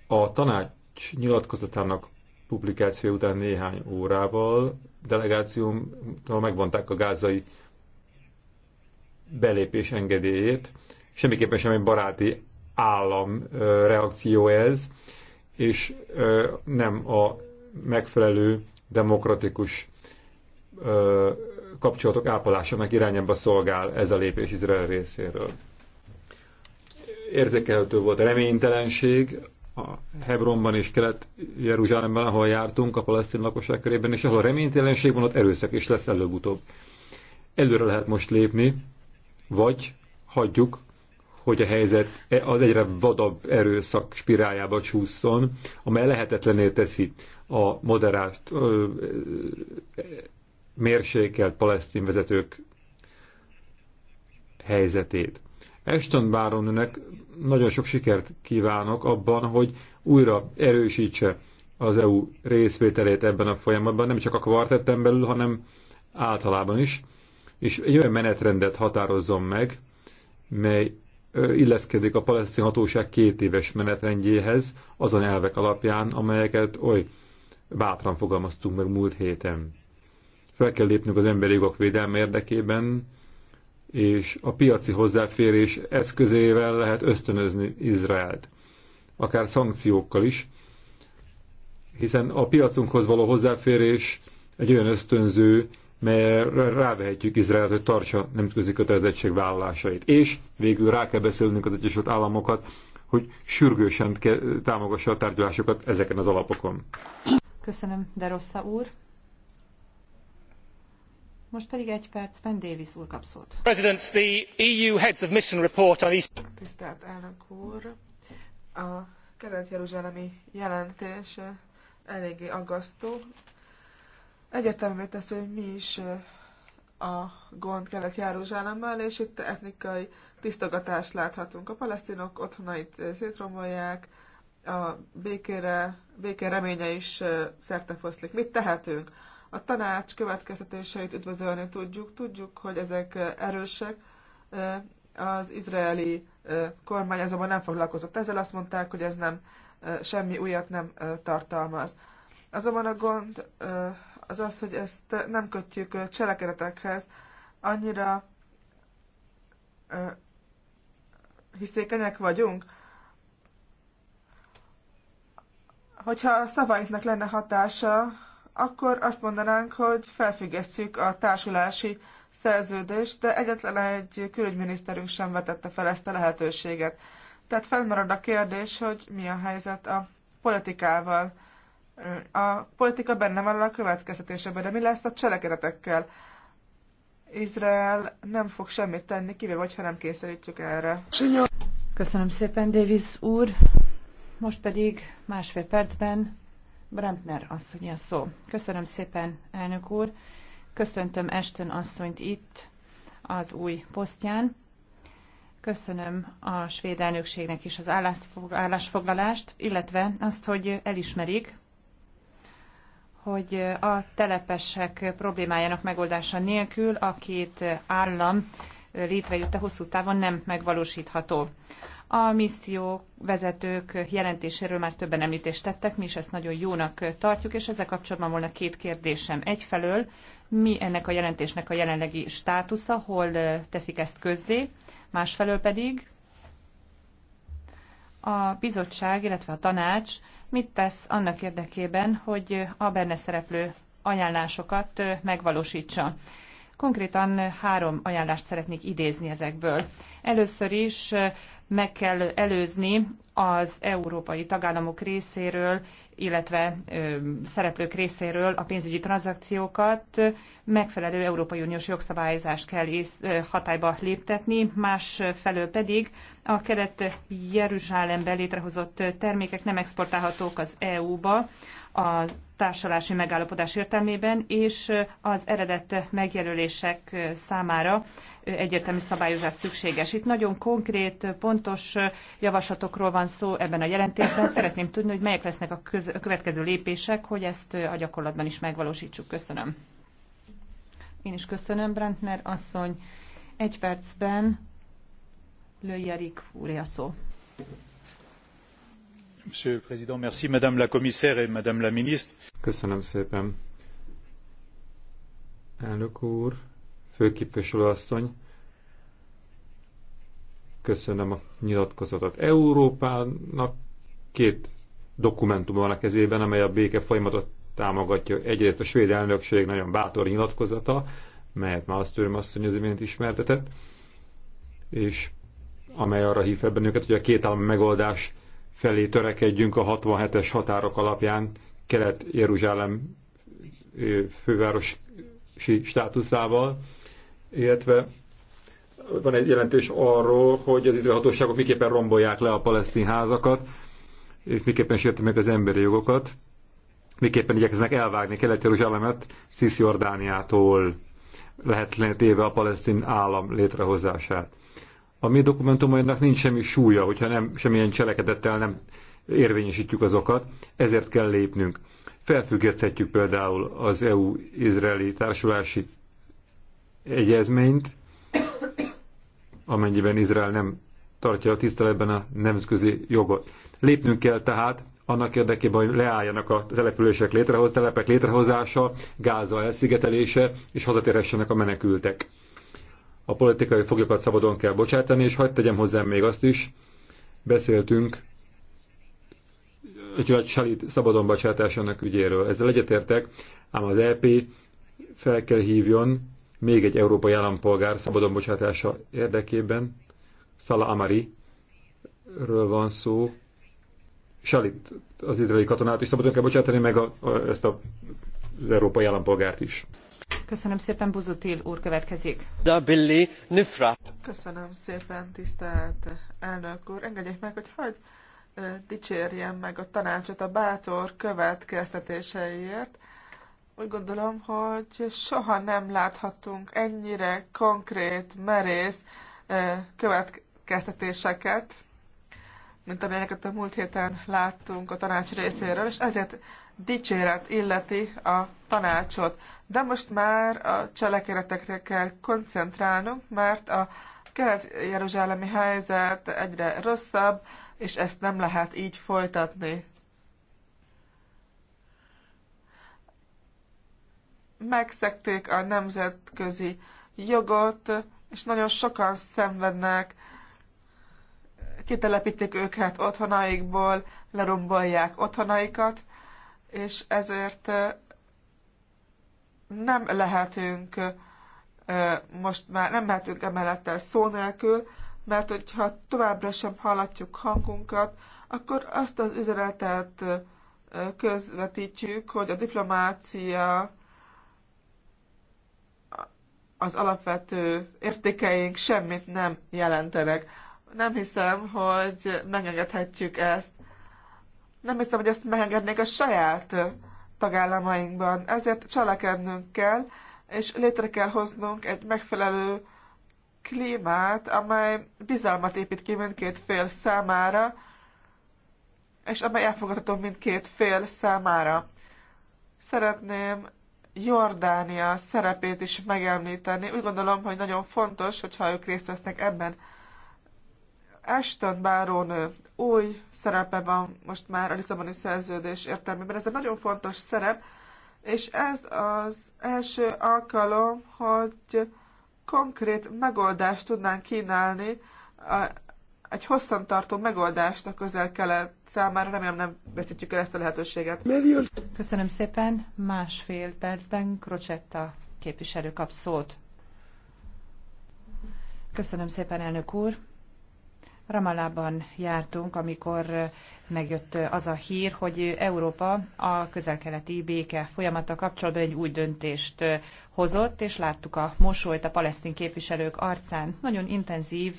S2: A tanács nyilatkozatának publikáció után néhány órával delegációmtól megvonták a gázai belépés engedélyét. Semmiképpen sem egy baráti állam reakció ez és nem a megfelelő demokratikus kapcsolatok meg irányába szolgál ez a lépés Izrael részéről. Érzékelhető volt a reménytelenség a Hebronban és Kelet-Jeruzsálemben, ahol jártunk, a palesztin lakosság körében, és ahol a reménytelenség van, ott erőszak is lesz előbb-utóbb. Előre lehet most lépni, vagy hagyjuk, hogy a helyzet az egyre vadabb erőszak spiráljába csúszson, amely lehetetlené teszi a moderált mérsékelt palesztin vezetők helyzetét. Eston Báronőnek nagyon sok sikert kívánok abban, hogy újra erősítse az EU részvételét ebben a folyamatban, nem csak a kvartetten belül, hanem általában is, és egy olyan menetrendet határozzon meg, mely illeszkedik a palesztin hatóság két éves menetrendjéhez, azon elvek alapján, amelyeket oly bátran fogalmaztunk meg múlt héten. Fel kell lépnünk az emberi jogok védelme érdekében, és a piaci hozzáférés eszközével lehet ösztönözni Izraelt, akár szankciókkal is, hiszen a piacunkhoz való hozzáférés egy olyan ösztönző, mert rávehetjük Izraelt, hogy tartsa nemzetközi kötelezettség vállalásait. És végül rá kell beszélnünk az Egyesült Államokat, hogy sürgősen támogassa a tárgyalásokat ezeken az alapokon.
S1: Köszönöm, de rossza úr. Most pedig egy perc, Ben Davis úr kap szót.
S2: E Tisztelt elnök
S3: úr, a kelet-jeruzsálemi jelentés eléggé aggasztó, egyetemre tesz, hogy mi is a gond kelet Jeruzsálemmel, és itt etnikai tisztogatást láthatunk. A palesztinok otthonait szétromolják, a békére, béké reménye is szertefoszlik. Mit tehetünk? A tanács következtetéseit üdvözölni tudjuk, tudjuk, hogy ezek erősek. Az izraeli kormány azonban nem foglalkozott ezzel, azt mondták, hogy ez nem semmi újat nem tartalmaz. Azonban a gond az az, hogy ezt nem kötjük cselekedetekhez. Annyira hiszékenyek vagyunk, hogyha a szavainknak lenne hatása, akkor azt mondanánk, hogy felfüggesztjük a társulási szerződést, de egyetlen egy külügyminiszterünk sem vetette fel ezt a lehetőséget. Tehát felmarad a kérdés, hogy mi a helyzet a politikával. A politika benne van a következtetésekben, de mi lesz a cselekedetekkel? Izrael nem fog semmit tenni, kivéve, hogyha nem készítjük erre.
S1: Köszönöm szépen, Davis úr. Most pedig másfél percben Brandner asszony a szó. Köszönöm szépen, elnök úr. Köszöntöm Esten asszonyt itt az új posztján. Köszönöm a svéd elnökségnek is az állásfoglalást, illetve azt, hogy elismerik hogy a telepesek problémájának megoldása nélkül a két állam létrejötte hosszú távon nem megvalósítható. A misszió vezetők jelentéséről már többen említést tettek, mi is ezt nagyon jónak tartjuk, és ezzel kapcsolatban volna két kérdésem. Egyfelől, mi ennek a jelentésnek a jelenlegi státusza, hol teszik ezt közzé, másfelől pedig a bizottság, illetve a tanács mit tesz annak érdekében, hogy a benne szereplő ajánlásokat megvalósítsa. Konkrétan három ajánlást szeretnék idézni ezekből. Először is meg kell előzni az európai tagállamok részéről illetve szereplők részéről a pénzügyi tranzakciókat megfelelő Európai Uniós jogszabályozást kell hatályba léptetni, más felől pedig a kelet Jeruzsálemben létrehozott termékek nem exportálhatók az EU-ba, a társalási megállapodás értelmében, és az eredett megjelölések számára egyértelmű szabályozás szükséges. Itt nagyon konkrét, pontos javaslatokról van szó ebben a jelentésben. Szeretném tudni, hogy melyek lesznek a, köz- a következő lépések, hogy ezt a gyakorlatban is megvalósítsuk. Köszönöm. Én is köszönöm, Brentner asszony. Egy percben Lőjerik úr a szó.
S2: Monsieur le Président, merci Madame la Commissaire et Madame la Ministre. Köszönöm szépen. Elnök úr, főképviselő asszony, köszönöm a nyilatkozatot. Európának két dokumentum van a kezében, amely a béke folyamatot támogatja. Egyrészt a svéd elnökség nagyon bátor nyilatkozata, melyet Malmström asszony az imént ismertetett, és amely arra hív fel bennünket, hogy a két állam megoldás felé törekedjünk a 67-es határok alapján Kelet-Jeruzsálem fővárosi státuszával, illetve van egy jelentés arról, hogy az izraeli hatóságok miképpen rombolják le a palesztin házakat, és miképpen sérti meg az emberi jogokat, miképpen igyekeznek elvágni Kelet-Jeruzsálemet Cisziordániától lehetlen téve a palesztin állam létrehozását a mi dokumentumainak nincs semmi súlya, hogyha nem, semmilyen cselekedettel nem érvényesítjük azokat, ezért kell lépnünk. Felfüggeszthetjük például az EU-izraeli társulási egyezményt, amennyiben Izrael nem tartja a tiszteletben a nemzetközi jogot. Lépnünk kell tehát annak érdekében, hogy leálljanak a települések létrehoz, telepek létrehozása, gáza elszigetelése, és hazatérhessenek a menekültek a politikai foglyokat szabadon kell bocsátani, és hagyd tegyem hozzá még azt is, beszéltünk a Salit szabadon bocsátásának ügyéről. Ezzel egyetértek, ám az EP fel kell hívjon még egy európai állampolgár szabadon bocsátása érdekében. Szala Amari ről van szó. Salit, az izraeli katonát is szabadon kell bocsátani, meg a, a, ezt a, az európai állampolgárt is.
S1: Köszönöm szépen, Buzutil úr következik.
S2: Da Billy Nifra.
S3: Köszönöm szépen, tisztelt elnök úr. Engedjék meg, hogy hagyd dicsérjem meg a tanácsot a bátor következtetéseiért. Úgy gondolom, hogy soha nem láthatunk ennyire konkrét, merész következtetéseket, mint amilyeneket a múlt héten láttunk a tanács részéről, és ezért dicséret illeti a tanácsot. De most már a cselekedetekre kell koncentrálnunk, mert a kelet-jeruzsálemi helyzet egyre rosszabb, és ezt nem lehet így folytatni. Megszekték a nemzetközi jogot, és nagyon sokan szenvednek, kitelepítik őket otthonaikból, lerombolják otthonaikat, és ezért nem lehetünk most már nem mehetünk emellett el szó nélkül, mert hogyha továbbra sem hallatjuk hangunkat, akkor azt az üzenetet közvetítjük, hogy a diplomácia az alapvető értékeink semmit nem jelentenek. Nem hiszem, hogy megengedhetjük ezt. Nem hiszem, hogy ezt megengednék a saját tagállamainkban. Ezért cselekednünk kell, és létre kell hoznunk egy megfelelő klímát, amely bizalmat épít ki mindkét fél számára, és amely elfogadható mindkét fél számára. Szeretném Jordánia szerepét is megemlíteni. Úgy gondolom, hogy nagyon fontos, hogyha ők részt vesznek ebben Ashton Bárónő új szerepe van most már a Lisszaboni szerződés értelmében. Ez egy nagyon fontos szerep, és ez az első alkalom, hogy konkrét megoldást tudnánk kínálni, egy hosszantartó megoldást a közel-kelet számára. Remélem nem veszítjük el ezt a lehetőséget.
S1: Köszönöm szépen. Másfél percben Krocsetta képviselő kap szót. Köszönöm szépen, elnök úr. Ramalában jártunk, amikor megjött az a hír, hogy Európa a közelkeleti béke folyamata kapcsolatban egy új döntést hozott, és láttuk a mosolyt a palesztin képviselők arcán. Nagyon intenzív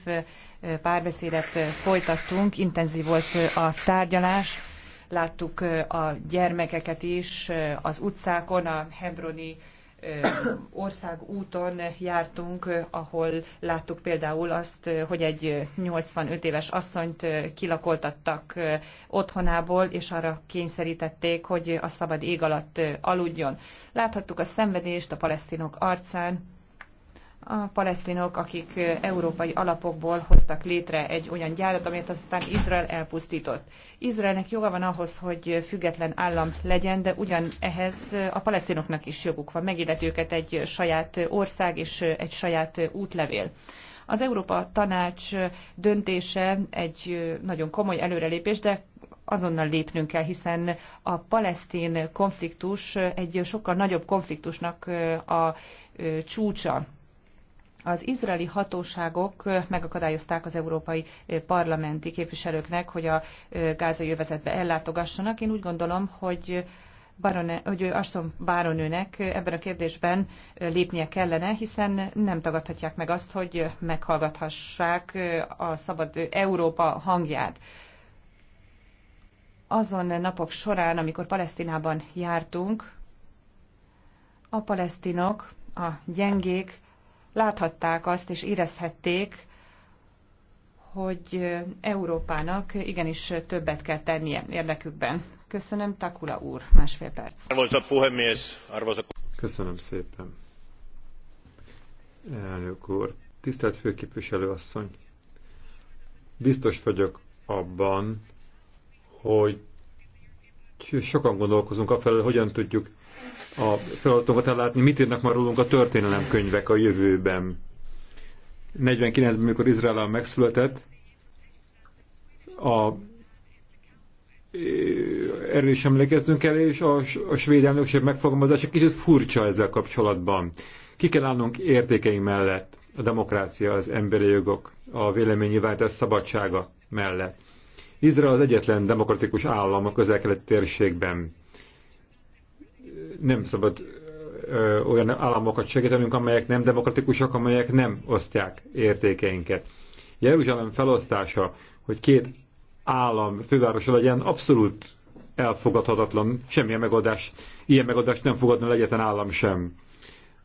S1: párbeszédet folytattunk, intenzív volt a tárgyalás, láttuk a gyermekeket is az utcákon, a hebroni országúton jártunk, ahol láttuk például azt, hogy egy 85 éves asszonyt kilakoltattak otthonából, és arra kényszerítették, hogy a szabad ég alatt aludjon. Láthattuk a szenvedést a palesztinok arcán, a palesztinok, akik európai alapokból hoztak létre egy olyan gyárat, amelyet aztán Izrael elpusztított. Izraelnek joga van ahhoz, hogy független állam legyen, de ugyan ehhez a palesztinoknak is joguk van. Megillet őket egy saját ország és egy saját útlevél. Az Európa Tanács döntése egy nagyon komoly előrelépés, de azonnal lépnünk kell, hiszen a palesztin konfliktus egy sokkal nagyobb konfliktusnak a csúcsa. Az izraeli hatóságok megakadályozták az európai parlamenti képviselőknek, hogy a gázai övezetbe ellátogassanak. Én úgy gondolom, hogy Barone, hogy Aston Báronőnek ebben a kérdésben lépnie kellene, hiszen nem tagadhatják meg azt, hogy meghallgathassák a szabad Európa hangját azon napok során, amikor Palesztinában jártunk, a palesztinok, a gyengék láthatták azt és érezhették, hogy Európának igenis többet kell tennie érdekükben. Köszönöm, Takula úr, másfél perc.
S2: Köszönöm szépen. Elnök úr, tisztelt főképviselő asszony, biztos vagyok abban, hogy sokan gondolkozunk afelől, hogyan tudjuk a feladatunkat ellátni, mit írnak már rólunk a történelemkönyvek a jövőben. 49-ben, amikor Izrael megszületett, a e, erről is emlékezzünk el, és a, a svéd elnökség megfogalmazása kicsit furcsa ezzel kapcsolatban. Ki kell állnunk értékeink mellett, a demokrácia, az emberi jogok, a véleménynyilvánítás szabadsága mellett. Izrael az egyetlen demokratikus állam a közel térségben nem szabad ö, olyan államokat segítenünk, amelyek nem demokratikusak, amelyek nem osztják értékeinket. Jeruzsálem felosztása, hogy két állam fővárosa legyen, abszolút elfogadhatatlan, semmilyen megoldás, ilyen megoldást nem fogadna egyetlen állam sem.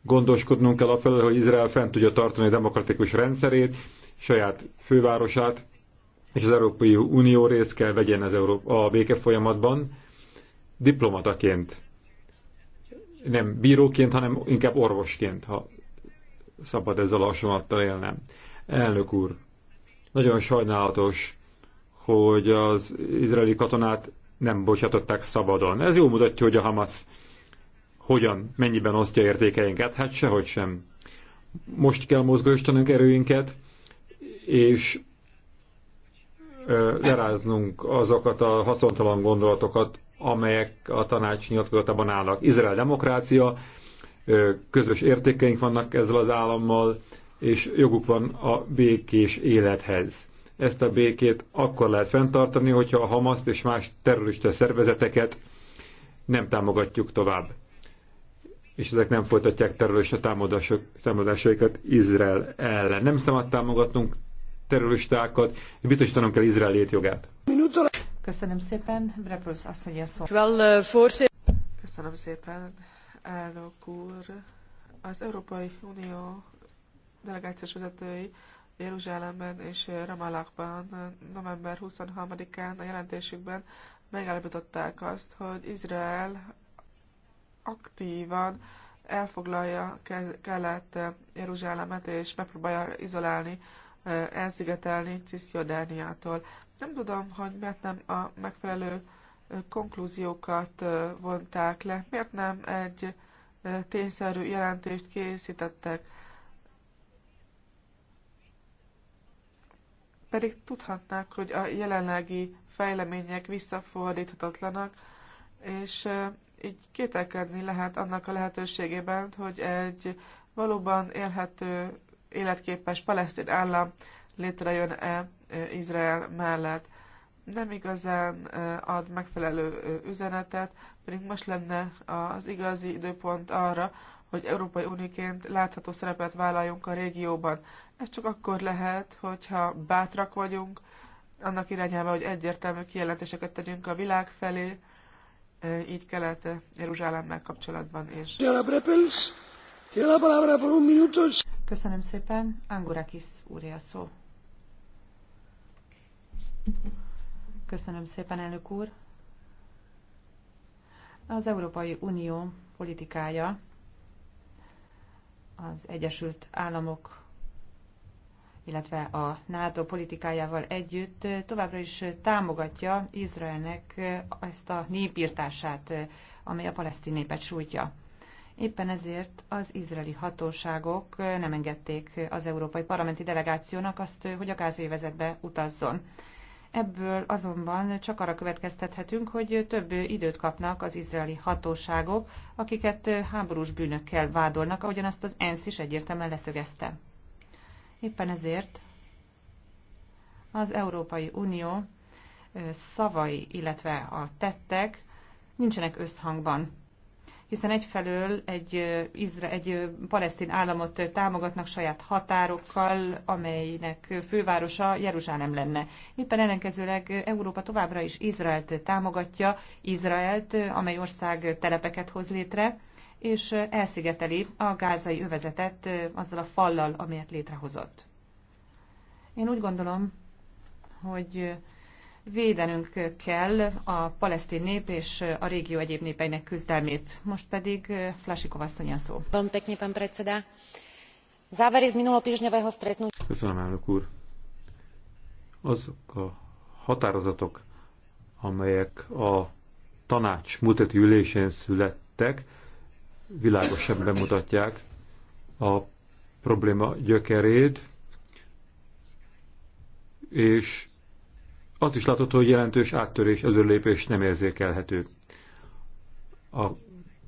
S2: Gondoskodnunk kell a felől, hogy Izrael fent tudja tartani a demokratikus rendszerét, saját fővárosát, és az Európai Unió részt kell vegyen az Európa, a béke folyamatban, diplomataként nem bíróként, hanem inkább orvosként, ha szabad ezzel a hasonlattal élnem. Elnök úr, nagyon sajnálatos, hogy az izraeli katonát nem bocsátották szabadon. Ez jó mutatja, hogy a Hamas hogyan, mennyiben osztja értékeinket. Hát sehogy sem. Most kell mozgósítanunk erőinket, és leráznunk azokat a haszontalan gondolatokat, amelyek a tanács nyilatkozatában állnak. Izrael demokrácia, közös értékeink vannak ezzel az állammal, és joguk van a békés élethez. Ezt a békét akkor lehet fenntartani, hogyha a Hamaszt és más terrorista szervezeteket nem támogatjuk tovább. És ezek nem folytatják terrorista támadásaikat Izrael ellen. Nem szabad támogatnunk terroristákat, biztosítanunk kell Izrael létjogát.
S1: Köszönöm szépen, Breprusz asszony a szó.
S3: Uh, Köszönöm szépen, elnök úr. Az Európai Unió delegációs vezetői Jeruzsálemben és Ramallahban november 23-án a jelentésükben megállapították azt, hogy Izrael aktívan elfoglalja Kelet-Jeruzsálemet és megpróbálja izolálni elszigetelni Cisziodániától. Nem tudom, hogy miért nem a megfelelő konklúziókat vonták le, miért nem egy tényszerű jelentést készítettek. Pedig tudhatnák, hogy a jelenlegi fejlemények visszafordíthatatlanak, és így kételkedni lehet annak a lehetőségében, hogy egy valóban élhető életképes palesztin állam létrejön-e Izrael mellett. Nem igazán ad megfelelő üzenetet, pedig most lenne az igazi időpont arra, hogy Európai Unióként látható szerepet vállaljunk a régióban. Ez csak akkor lehet, hogyha bátrak vagyunk, annak irányába, hogy egyértelmű kijelentéseket tegyünk a világ felé, így kelet Jeruzsálemmel kapcsolatban is.
S1: Köszönöm szépen. Angurakis
S3: úr a szó. Köszönöm szépen,
S1: elnök úr. Az Európai Unió politikája az Egyesült Államok illetve a NATO politikájával együtt továbbra is támogatja Izraelnek ezt a népírtását, amely a palesztin népet sújtja. Éppen ezért az izraeli hatóságok nem engedték az európai parlamenti delegációnak azt, hogy a gázévezetbe utazzon. Ebből azonban csak arra következtethetünk, hogy több időt kapnak az izraeli hatóságok, akiket háborús bűnökkel vádolnak, ahogyan azt az ENSZ is egyértelműen leszögezte. Éppen ezért az Európai Unió szavai, illetve a tettek nincsenek összhangban hiszen egyfelől egy, Izra, egy palesztin államot támogatnak saját határokkal, amelynek fővárosa Jeruzsálem lenne. Éppen ellenkezőleg Európa továbbra is Izraelt támogatja, Izraelt, amely ország telepeket hoz létre, és elszigeteli a gázai övezetet azzal a fallal, amelyet létrehozott. Én úgy gondolom, hogy védenünk kell a palesztin nép és a régió egyéb népeinek küzdelmét. Most pedig eh, Flasikov asszony a szó.
S2: Köszönöm, elnök úr. Azok a határozatok, amelyek a tanács mutati ülésén születtek, világosan bemutatják a probléma gyökerét, és az is látható, hogy jelentős áttörés, előlépés nem érzékelhető a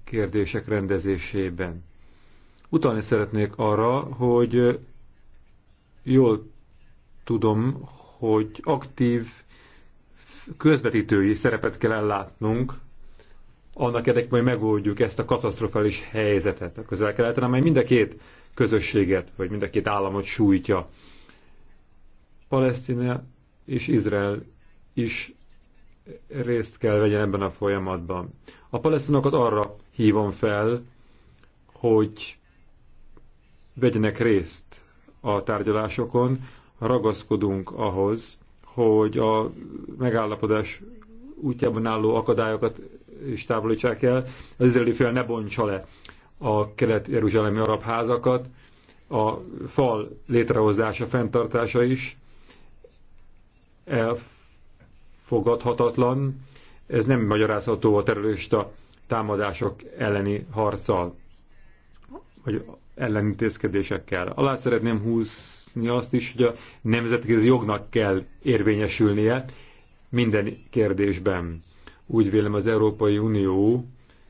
S2: kérdések rendezésében. Utalni szeretnék arra, hogy jól tudom, hogy aktív közvetítői szerepet kell ellátnunk annak érdekében, hogy megoldjuk ezt a katasztrofális helyzetet a közel-keleten, amely mind a két közösséget, vagy mind a két államot sújtja. Palesztina és Izrael is részt kell vegyen ebben a folyamatban. A palesztinokat arra hívom fel, hogy vegyenek részt a tárgyalásokon, ragaszkodunk ahhoz, hogy a megállapodás útjában álló akadályokat is távolítsák el, az izraeli fél ne bontsa le a kelet-jeruzsálemi arab házakat, a fal létrehozása, fenntartása is elfogadhatatlan, ez nem magyarázható a terrorista támadások elleni harccal, vagy ellenintézkedésekkel. Alá szeretném húzni azt is, hogy a nemzetközi jognak kell érvényesülnie minden kérdésben. Úgy vélem az Európai Unió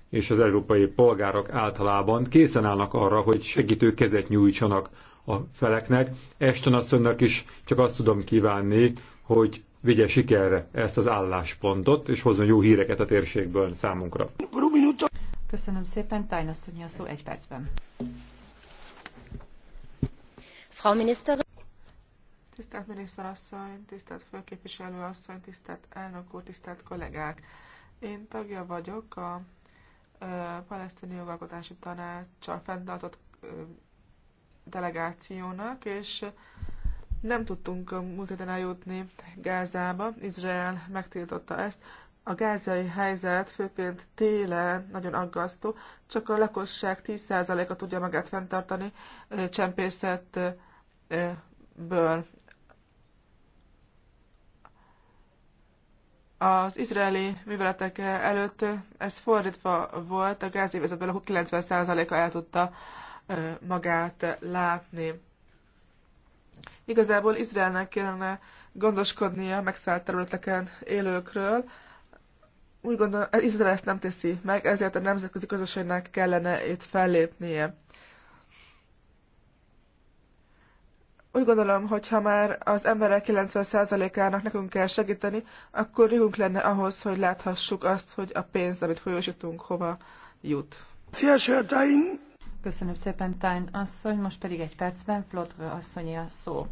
S2: és az európai polgárok általában készen állnak arra, hogy segítő kezet nyújtsanak a feleknek. Eston asszonynak is csak azt tudom kívánni, hogy vigye sikerre ezt az álláspontot, és hozzon jó híreket a térségből számunkra.
S1: Köszönöm szépen, Tájnasz a szó egy percben.
S3: Frau Minister. Tisztelt asszony, tisztelt főképviselő asszony, tisztelt elnök úr, tisztelt kollégák! Én tagja vagyok a palesztini jogalkotási tanács fenntartott delegációnak, és ö, nem tudtunk múlt héten eljutni Gázába, Izrael megtiltotta ezt. A gázai helyzet főként télen nagyon aggasztó, csak a lakosság 10%-a tudja magát fenntartani csempészetből. Az izraeli műveletek előtt ez fordítva volt, a gázévezetből a 90%-a el tudta magát látni. Igazából Izraelnek kellene gondoskodnia megszállt területeken élőkről. Úgy gondolom, eh, Izrael ezt nem teszi meg, ezért a nemzetközi közösségnek kellene itt fellépnie. úgy gondolom, hogy ha már az emberek 90%-ának nekünk kell segíteni, akkor jogunk lenne ahhoz, hogy láthassuk azt, hogy a pénz, amit folyósítunk, hova jut. Szia, Köszönöm szépen, Tány asszony. Most pedig
S1: egy percben Flotra asszonyi a szó.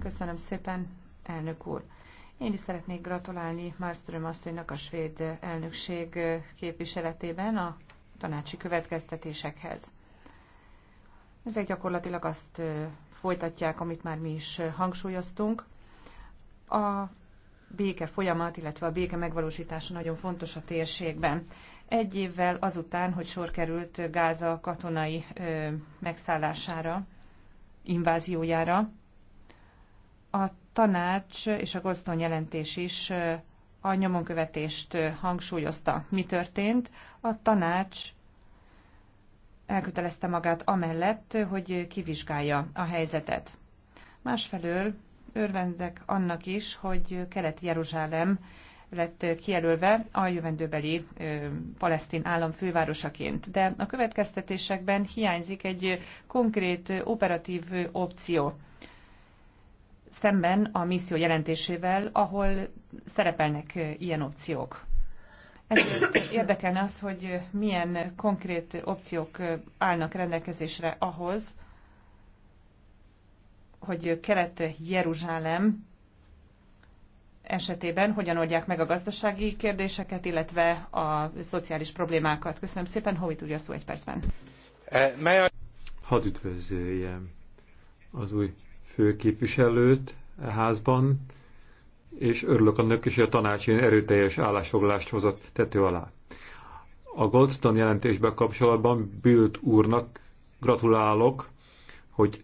S1: Köszönöm szépen, elnök úr. Én is szeretnék gratulálni Márström asszonynak a svéd elnökség képviseletében a tanácsi következtetésekhez. Ezek gyakorlatilag azt folytatják, amit már mi is hangsúlyoztunk. A béke folyamat, illetve a béke megvalósítása nagyon fontos a térségben egy évvel azután, hogy sor került Gáza katonai megszállására, inváziójára, a tanács és a Goldstone jelentés is a nyomonkövetést hangsúlyozta. Mi történt? A tanács elkötelezte magát amellett, hogy kivizsgálja a helyzetet. Másfelől örvendek annak is, hogy Kelet-Jeruzsálem lett kijelölve a jövendőbeli palesztin állam fővárosaként. De a következtetésekben hiányzik egy konkrét operatív opció szemben a misszió jelentésével, ahol szerepelnek ilyen opciók. Ezért érdekelne az, hogy milyen konkrét opciók állnak rendelkezésre ahhoz, hogy Kelet-Jeruzsálem esetében hogyan oldják meg a gazdasági kérdéseket, illetve a szociális problémákat. Köszönöm szépen, Hovit úgy a szó egy percben.
S2: E, Hadd üdvözöljem az új főképviselőt a e házban, és örülök annak is, hogy a tanács ilyen erőteljes állásfoglalást hozott tető alá. A Goldstone jelentésbe kapcsolatban Bild úrnak gratulálok, hogy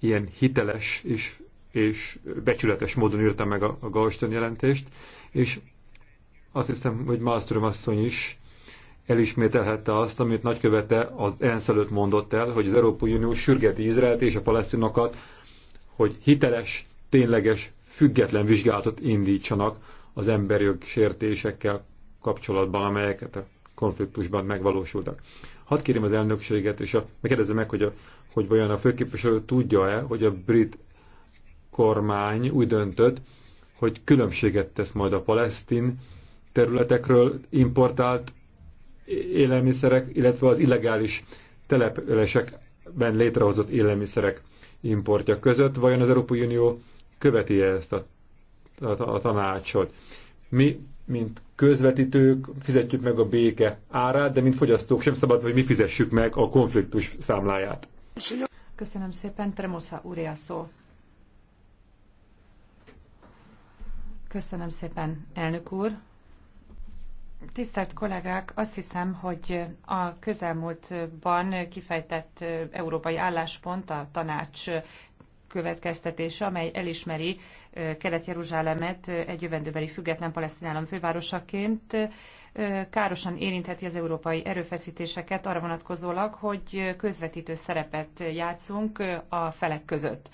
S2: ilyen hiteles és és becsületes módon írta meg a, a Galston jelentést, és azt hiszem, hogy Malmström asszony is elismételhette azt, amit nagykövete az ENSZ előtt mondott el, hogy az Európai Unió sürgeti Izraelt és a palesztinokat, hogy hiteles, tényleges, független vizsgálatot indítsanak az emberjog sértésekkel kapcsolatban, amelyeket a konfliktusban megvalósultak. Hadd kérjem az elnökséget, és a, megkérdezze meg, hogy, a, hogy vajon a főképviselő tudja-e, hogy a brit kormány úgy döntött, hogy különbséget tesz majd a palesztin területekről importált élelmiszerek, illetve az illegális településekben létrehozott élelmiszerek importja között. Vajon az Európai Unió követi -e ezt a, a, a tanácsot? Mi, mint közvetítők fizetjük meg a béke árát, de mint fogyasztók sem szabad, hogy mi fizessük meg a konfliktus számláját.
S1: Köszönöm szépen, Tremosza úr a szó. Köszönöm szépen, elnök úr. Tisztelt kollégák, azt hiszem, hogy a közelmúltban kifejtett európai álláspont a tanács következtetése, amely elismeri Kelet-Jeruzsálemet egy jövendőbeli független palesztin állam fővárosaként, károsan érintheti az európai erőfeszítéseket arra vonatkozólag, hogy közvetítő szerepet játszunk a felek között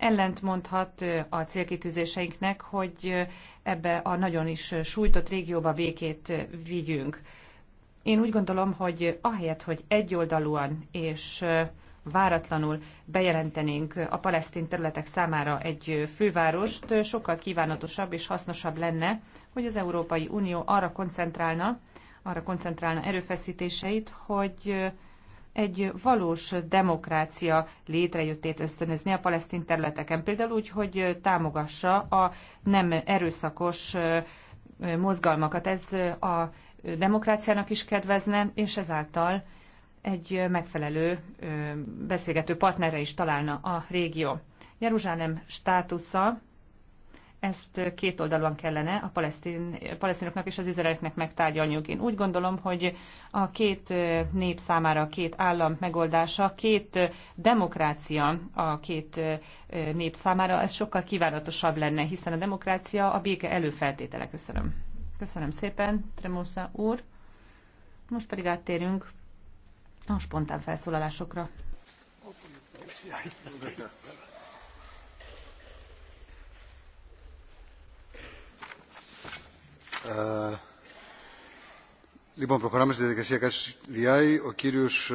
S1: ellentmondhat a célkitűzéseinknek, hogy ebbe a nagyon is sújtott régióba békét vigyünk. Én úgy gondolom, hogy ahelyett, hogy egyoldalúan és váratlanul bejelentenénk a palesztin területek számára egy fővárost, sokkal kívánatosabb és hasznosabb lenne, hogy az Európai Unió arra koncentrálna, arra koncentrálna erőfeszítéseit, hogy egy valós demokrácia létrejöttét ösztönözni a palesztin területeken. Például úgy, hogy támogassa a nem erőszakos mozgalmakat. Ez a demokráciának is kedvezne, és ezáltal egy megfelelő beszélgető partnerre is találna a régió. Jeruzsálem státusza ezt két oldalon kellene a palesztin, palesztinoknak és az izraeliknek megtárgyalniuk. Én úgy gondolom, hogy a két nép számára a két állam megoldása, két demokrácia a két nép számára, ez sokkal kívánatosabb lenne, hiszen a demokrácia a béke előfeltétele. Köszönöm. Köszönöm szépen, Tremosa úr. Most pedig áttérünk a spontán felszólalásokra.
S2: *laughs* Λοιπόν, προχωράμε στη διαδικασία Ο κύριος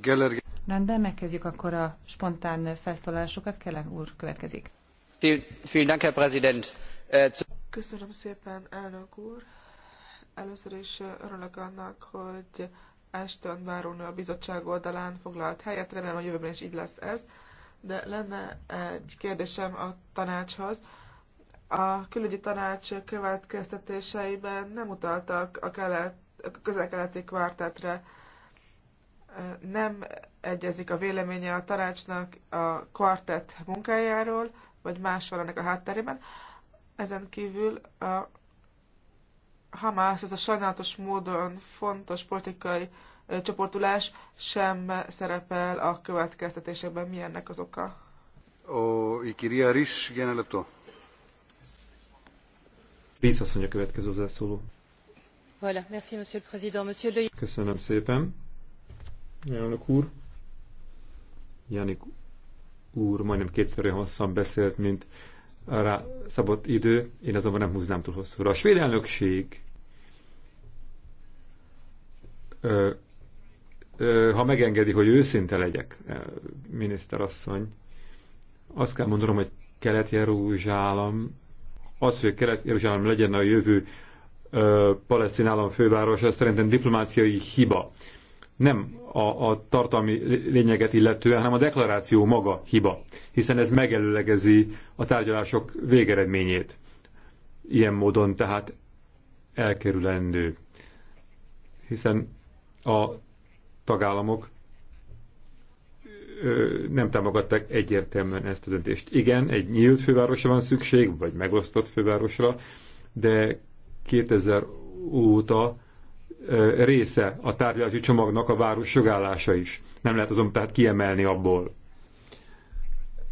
S2: Γκέλλερ...
S1: Rendben, megkezdjük akkor a spontán felszólalásokat. Keller úr következik.
S2: Äh, Köszönöm
S3: szépen, elnök úr. Először is örülök annak, hogy Ashton Bárónő a bizottság oldalán foglalt helyet. Remélem, a jövőben is így lesz ez. De lenne egy kérdésem a tanácshoz a külügyi tanács következtetéseiben nem utaltak a, kelet, a közel-keleti kvartetre. Nem egyezik a véleménye a tanácsnak a kvartett munkájáról, vagy más van a hátterében. Ezen kívül a Hamász, ez a sajnálatos módon fontos politikai csoportulás sem szerepel a következtetésekben. Mi ennek az oka?
S2: O, i kiria ris, Vízasszony a következő hozzászóló.
S1: Voilà, merci, monsieur le président. Monsieur le...
S2: Köszönöm szépen. Elnök úr. Janik úr majdnem kétszer olyan hosszan beszélt, mint rá szabott idő, én azonban nem húznám túl hosszúra. A svéd elnökség, ö, ö, ha megengedi, hogy őszinte legyek, miniszterasszony, azt kell mondanom, hogy kelet jeruzsálem az, hogy Kelet-Jeruzsálem legyen a jövő palesztin állam fővárosa, szerintem diplomáciai hiba. Nem a, a tartalmi lényeget illetően, hanem a deklaráció maga hiba, hiszen ez megelőlegezi a tárgyalások végeredményét. Ilyen módon tehát elkerülendő, hiszen a tagállamok nem támogatták egyértelműen ezt a döntést. Igen, egy nyílt fővárosra van szükség, vagy megosztott fővárosra, de 2000 óta része a tárgyalási csomagnak a város jogállása is. Nem lehet azon tehát kiemelni abból.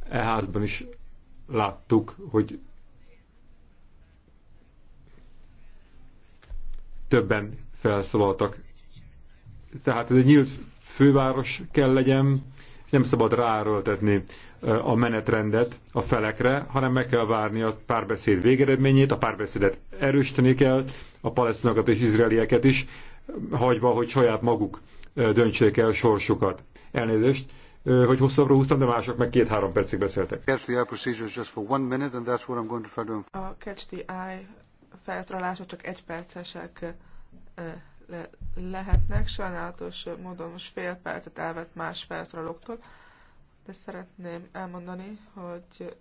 S2: E házban is láttuk, hogy többen felszólaltak. Tehát ez egy nyílt főváros kell legyen, nem szabad ráerőltetni a menetrendet a felekre, hanem meg kell várni a párbeszéd végeredményét, a párbeszédet erősíteni kell, a palesztinokat és izraelieket is, hagyva, hogy saját maguk döntsék el sorsukat. Elnézést, hogy hosszabbra húztam, de mások meg két-három percig beszéltek. A
S3: catch the eye felszorolása csak egy percesek le- lehetnek. Sajnálatos módon most fél percet elvett más felszólalóktól, de szeretném elmondani, hogy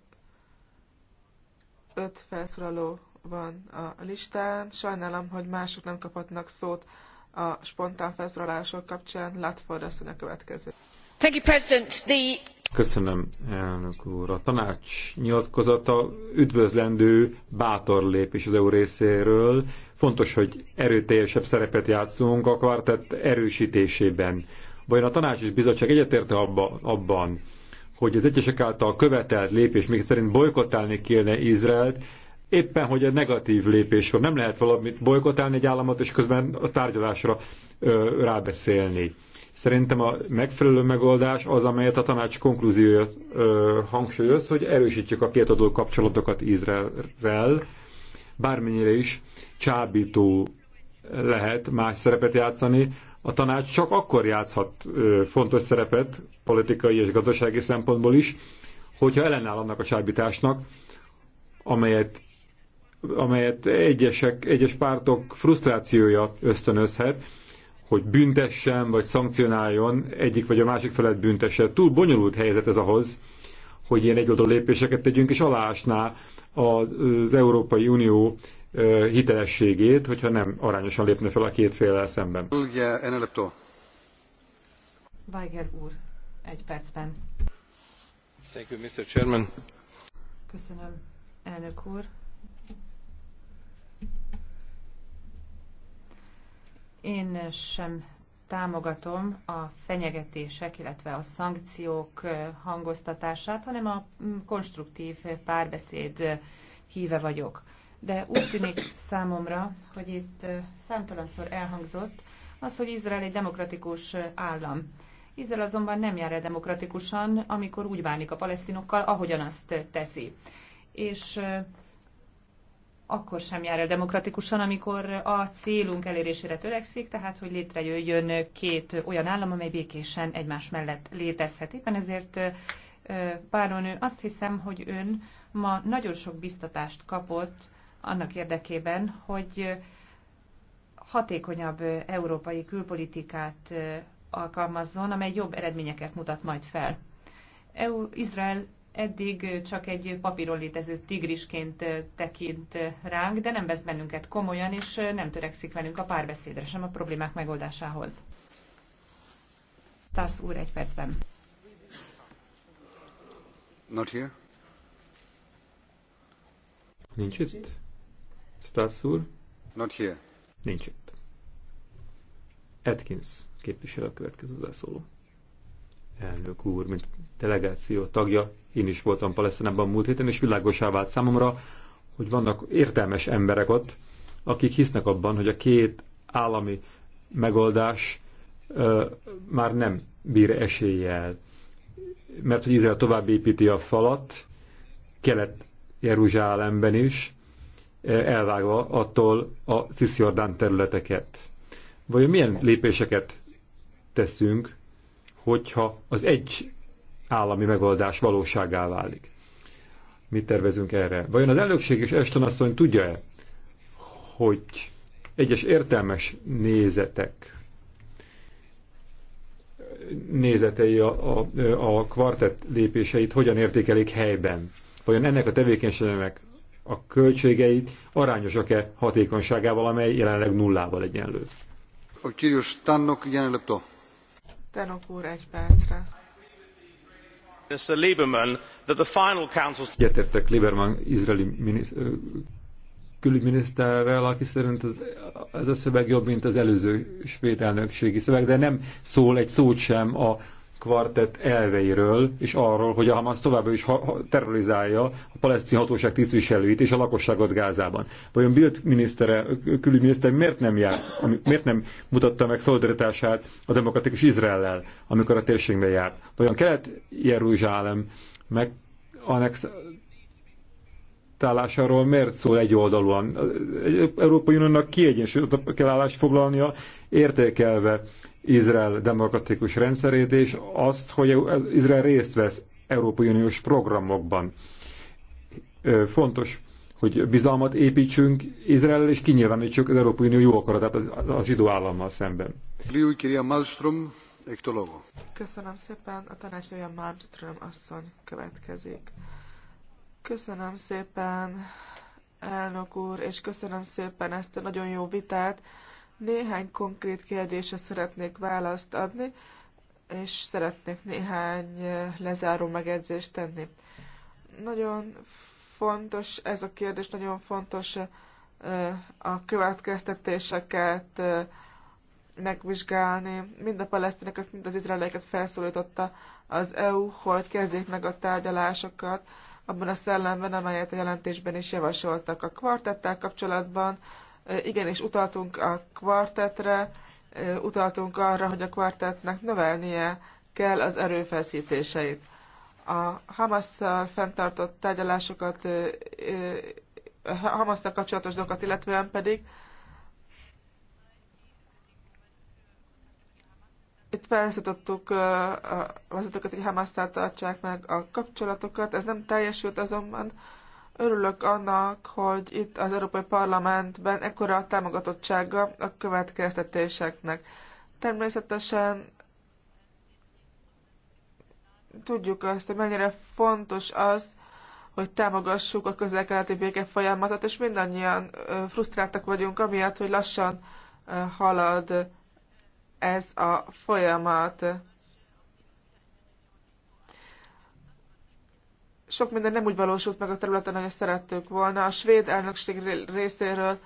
S3: öt felszólaló van a listán. Sajnálom, hogy mások nem kaphatnak szót a spontán felszólalások kapcsán. Latford a következő. Thank you, President. The...
S2: Köszönöm, elnök úr. A tanács nyilatkozata üdvözlendő, bátor lépés az EU részéről, Fontos, hogy erőteljesebb szerepet játszunk a kvartett erősítésében. Vajon a tanács és bizottság egyetérte abba, abban, hogy az egyesek által követelt lépés, még szerint bolykottálni kéne Izraelt, éppen hogy a negatív lépés van. Nem lehet valamit bolykotálni egy államot, és közben a tárgyalásra ö, rábeszélni. Szerintem a megfelelő megoldás az, amelyet a tanács konklúziója hangsúlyoz, hogy erősítsük a két adó kapcsolatokat Izraelrel, bármennyire is csábító lehet más szerepet játszani, a tanács csak akkor játszhat fontos szerepet, politikai és gazdasági szempontból is, hogyha ellenáll annak a csábításnak, amelyet, amelyet egyesek, egyes pártok frusztrációja ösztönözhet, hogy büntessen vagy szankcionáljon egyik vagy a másik felett büntesse. Túl bonyolult helyzet ez ahhoz, hogy ilyen egyoldalú lépéseket tegyünk, és aláásná az Európai Unió hitelességét, hogyha nem arányosan lépne fel a két félel szemben.
S1: Weiger úr, egy percben.
S2: Thank you, Mr. Chairman.
S1: Köszönöm, elnök úr. Én sem támogatom a fenyegetések, illetve a szankciók hangoztatását, hanem a mm, konstruktív párbeszéd híve vagyok. De úgy tűnik számomra, hogy itt számtalanszor elhangzott az, hogy Izrael egy demokratikus állam. Izrael azonban nem jár el demokratikusan, amikor úgy bánik a palesztinokkal, ahogyan azt teszi. És akkor sem jár el demokratikusan, amikor a célunk elérésére törekszik, tehát hogy létrejöjjön két olyan állam, amely békésen egymás mellett létezhet. Éppen ezért Páronő, azt hiszem, hogy ön ma nagyon sok biztatást kapott annak érdekében, hogy hatékonyabb európai külpolitikát alkalmazzon, amely jobb eredményeket mutat majd fel. EU, Izrael eddig csak egy papíron létező tigrisként tekint ránk, de nem vesz bennünket komolyan, és nem törekszik velünk a párbeszédre, sem a problémák megoldásához. Tász úr, egy percben.
S2: Not here. Nincs itt? Stász úr? Not here. Nincs itt. Atkins képviselő a következő zászóló. Elnök úr, mint delegáció tagja, én is voltam Palesztinában múlt héten, és világosá vált számomra, hogy vannak értelmes emberek ott, akik hisznek abban, hogy a két állami megoldás ö, már nem bír eséllyel. Mert hogy Izrael tovább építi a falat, Kelet-Jeruzsálemben is, elvágva attól a Cisziordán területeket. Vajon milyen lépéseket teszünk, hogyha az egy állami megoldás valóságá válik. Mit tervezünk erre? Vajon az elnökség és Eston asszony tudja-e, hogy egyes értelmes nézetek, nézetei a, a, a kvartett lépéseit hogyan értékelik helyben? Vajon ennek a tevékenységnek a költségeit arányosak-e hatékonyságával, amely jelenleg nullával egyenlő? A kírjus Tannok to?
S3: Tannok úr egy percre.
S2: Egyetértek Lieberman izraeli külügyminiszterrel, aki szerint az, ez a szöveg jobb, mint az előző svéd elnökségi szöveg, de nem szól egy szót sem a kvartett elveiről, és arról, hogy a Hamas továbbra is terrorizálja a palesztin hatóság tisztviselőit és a lakosságot Gázában. Vajon Bild minisztere, külügyminiszter miért nem, járt, miért nem mutatta meg szolidaritását a demokratikus Izraellel, amikor a térségben járt? Vajon Kelet-Jeruzsálem meg annex tálásáról miért szól egyoldalúan? Európai Uniónak kiegyensúlyozott kell állást foglalnia, értékelve Izrael demokratikus rendszerét, és azt, hogy Izrael részt vesz Európai Uniós programokban. Fontos, hogy bizalmat építsünk Izrael, és kinyilvánítsuk az Európai Unió jó akaratát a zsidó állammal szemben.
S3: Köszönöm szépen, a tanácsadója Malmström asszony következik. Köszönöm szépen, elnök úr, és köszönöm szépen ezt a nagyon jó vitát. Néhány konkrét kérdésre szeretnék választ adni, és szeretnék néhány eh, lezáró megedzést tenni. Nagyon fontos ez a kérdés, nagyon fontos eh, a következtetéseket eh, megvizsgálni. Mind a palesztineket, mind az izraelieket felszólította az EU, hogy kezdjék meg a tárgyalásokat abban a szellemben, amelyet a jelentésben is javasoltak. A kvartettel kapcsolatban igen, és utaltunk a kvartetre, utaltunk arra, hogy a kvartetnek növelnie kell az erőfeszítéseit. A Hamasszal fenntartott tárgyalásokat, Hamasszal kapcsolatos dolgokat, illetően pedig itt felszítottuk a vezetőket, hogy Hamasszal tartsák meg a kapcsolatokat. Ez nem teljesült azonban, Örülök annak, hogy itt az Európai Parlamentben ekkora a támogatottsága a következtetéseknek. Természetesen tudjuk azt, hogy mennyire fontos az, hogy támogassuk a közel-keleti béke folyamatot, és mindannyian frusztráltak vagyunk, amiatt, hogy lassan halad ez a folyamat. sok minden nem úgy valósult meg a területen, ahogy szerettük volna. A svéd elnökség részéről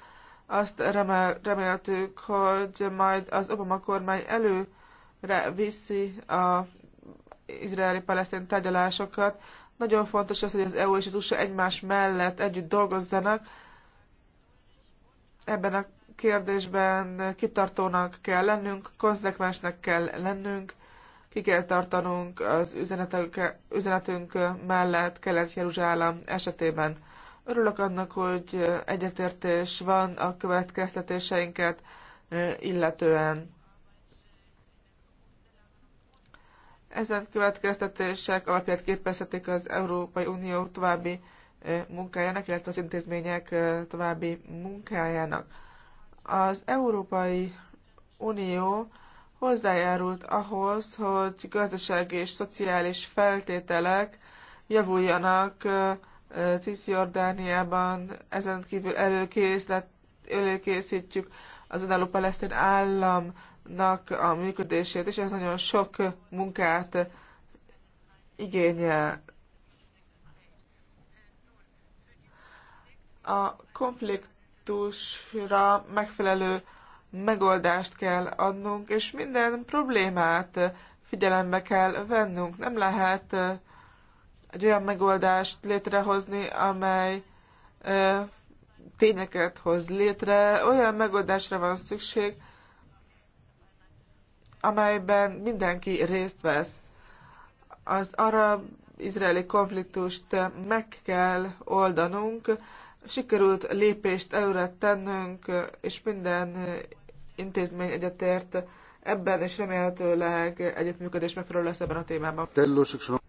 S3: azt remel, reméltük, hogy majd az Obama kormány előre viszi a izraeli-palesztin tárgyalásokat. Nagyon fontos az, hogy az EU és az USA egymás mellett együtt dolgozzanak. Ebben a kérdésben kitartónak kell lennünk, konzekvensnek kell lennünk, ki kell tartanunk az üzenetünk, üzenetünk mellett Kelet-Jeruzsálem esetében. Örülök annak, hogy egyetértés van a következtetéseinket illetően. Ezen következtetések alapját képezhetik az Európai Unió további munkájának, illetve az intézmények további munkájának. Az Európai Unió hozzájárult ahhoz, hogy gazdasági és szociális feltételek javuljanak Cisziordániában, ezen kívül előkészítjük az önálló palesztin államnak a működését, és ez nagyon sok munkát igényel. A konfliktusra megfelelő megoldást kell adnunk, és minden problémát figyelembe kell vennünk. Nem lehet egy olyan megoldást létrehozni, amely tényeket hoz létre. Olyan megoldásra van szükség, amelyben mindenki részt vesz. Az arab-izraeli konfliktust meg kell oldanunk, sikerült lépést előre tennünk, és minden intézmény egyetért ebben, és remélhetőleg együttműködés megfelelő lesz ebben a témában.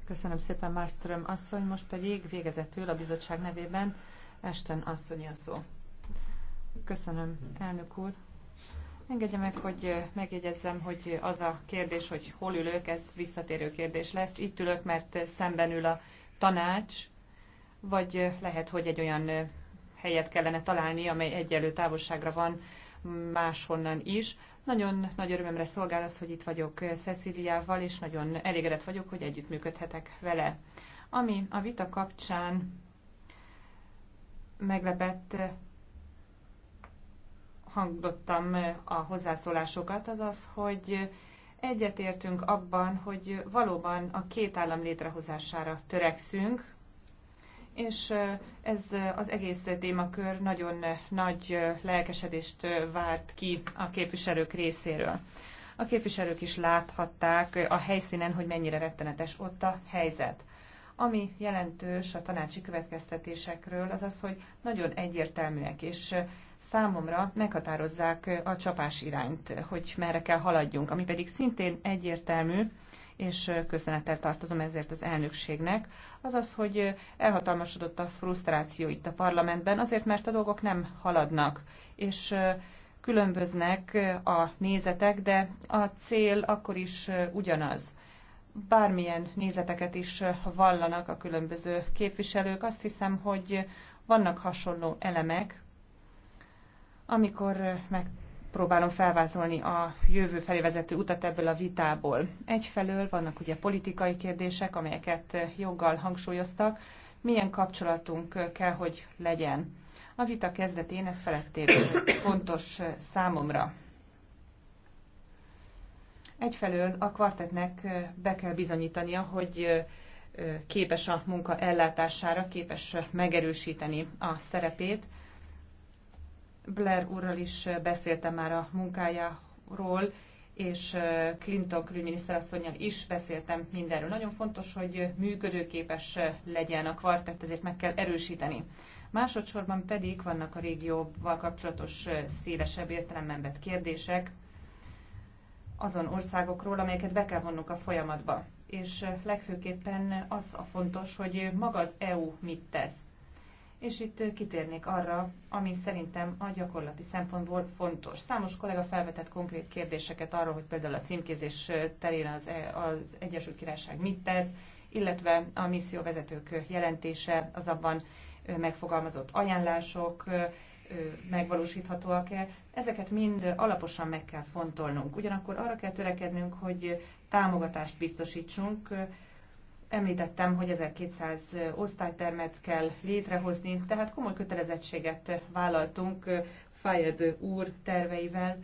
S3: Köszönöm szépen, Márström asszony, most pedig végezetül
S1: a bizottság nevében Esten asszony a szó. Köszönöm, elnök úr. Engedje meg, hogy megjegyezzem, hogy az a kérdés, hogy hol ülök, ez visszatérő kérdés lesz. Itt ülök, mert szemben ül a tanács, vagy lehet, hogy egy olyan helyet kellene találni, amely egyelő távolságra van máshonnan is. Nagyon nagy örömömre szolgál az, hogy itt vagyok Ceciliával, és nagyon elégedett vagyok, hogy együttműködhetek vele. Ami a vita kapcsán meglepett hangdottam a hozzászólásokat, az az, hogy egyetértünk abban, hogy valóban a két állam létrehozására törekszünk, és ez az egész témakör nagyon nagy lelkesedést várt ki a képviselők részéről. A képviselők is láthatták a helyszínen, hogy mennyire rettenetes ott a helyzet. Ami jelentős a tanácsi következtetésekről, az az, hogy nagyon egyértelműek, és számomra meghatározzák a csapás irányt, hogy merre kell haladjunk, ami pedig szintén egyértelmű, és köszönettel tartozom ezért az elnökségnek, az az, hogy elhatalmasodott a frusztráció itt a parlamentben, azért mert a dolgok nem haladnak, és különböznek a nézetek, de a cél akkor is ugyanaz. Bármilyen nézeteket is vallanak a különböző képviselők, azt hiszem, hogy vannak hasonló elemek, amikor meg próbálom felvázolni a jövő felé vezető utat ebből a vitából. Egyfelől vannak ugye politikai kérdések, amelyeket joggal hangsúlyoztak, milyen kapcsolatunk kell, hogy legyen. A vita kezdetén ez felettébb fontos számomra. Egyfelől a kvartetnek be kell bizonyítania, hogy képes a munka ellátására, képes megerősíteni a szerepét, Blair úrral is beszéltem már a munkájáról, és Clinton külügyminiszterasszonynal is beszéltem mindenről. Nagyon fontos, hogy működőképes legyen a kvartett, ezért meg kell erősíteni. Másodszorban pedig vannak a régióval kapcsolatos szélesebb értelemben vett kérdések azon országokról, amelyeket be kell vonnunk a folyamatba. És legfőképpen az a fontos, hogy maga az EU mit tesz és itt kitérnék arra, ami szerintem a gyakorlati szempontból fontos. Számos kollega felvetett konkrét kérdéseket arról, hogy például a címkézés terén az, e- az Egyesült Királyság mit tesz, illetve a misszióvezetők jelentése, az abban megfogalmazott ajánlások, megvalósíthatóak-e. Ezeket mind alaposan meg kell fontolnunk. Ugyanakkor arra kell törekednünk, hogy támogatást biztosítsunk Említettem, hogy 1200 osztálytermet kell létrehozni, tehát komoly kötelezettséget vállaltunk Fayed úr terveivel,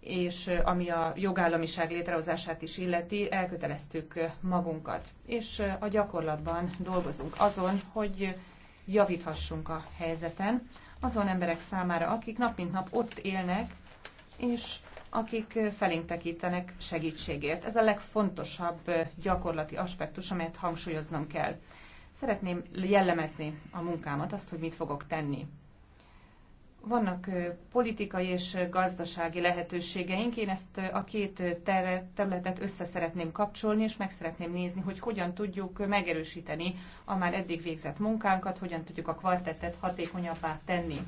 S1: és ami a jogállamiság létrehozását is illeti, elköteleztük magunkat. És a gyakorlatban dolgozunk azon, hogy javíthassunk a helyzeten azon emberek számára, akik nap mint nap ott élnek, és akik felénk tekítenek segítségért. Ez a legfontosabb gyakorlati aspektus, amelyet hangsúlyoznom kell. Szeretném jellemezni a munkámat, azt, hogy mit fogok tenni. Vannak politikai és gazdasági lehetőségeink, én ezt a két területet össze szeretném kapcsolni, és meg szeretném nézni, hogy hogyan tudjuk megerősíteni a már eddig végzett munkánkat, hogyan tudjuk a kvartettet hatékonyabbá tenni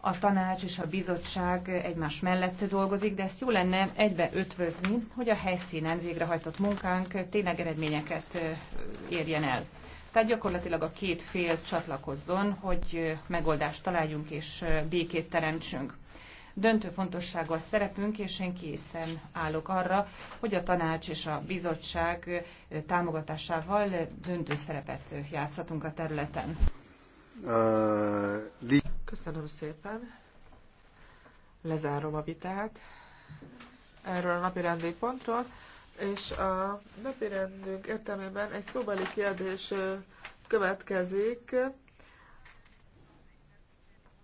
S1: a tanács és a bizottság egymás mellett dolgozik, de ezt jó lenne egybe ötvözni, hogy a helyszínen végrehajtott munkánk tényleg eredményeket érjen el. Tehát gyakorlatilag a két fél csatlakozzon, hogy megoldást találjunk és békét teremtsünk. Döntő fontossággal szerepünk, és én készen állok arra, hogy a tanács és a bizottság támogatásával döntő szerepet
S3: játszhatunk a területen. Köszönöm szépen. Lezárom a vitát erről a napirendi pontról, és a napirendünk értelmében egy szóbeli kérdés következik.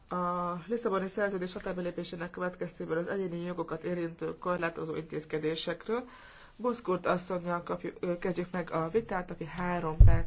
S3: A Lisszaboni szerződés határbelépésének következtében az egyéni jogokat érintő korlátozó intézkedésekről. Boszkurt asszonynal kapjuk, kezdjük meg a vitát, aki három perc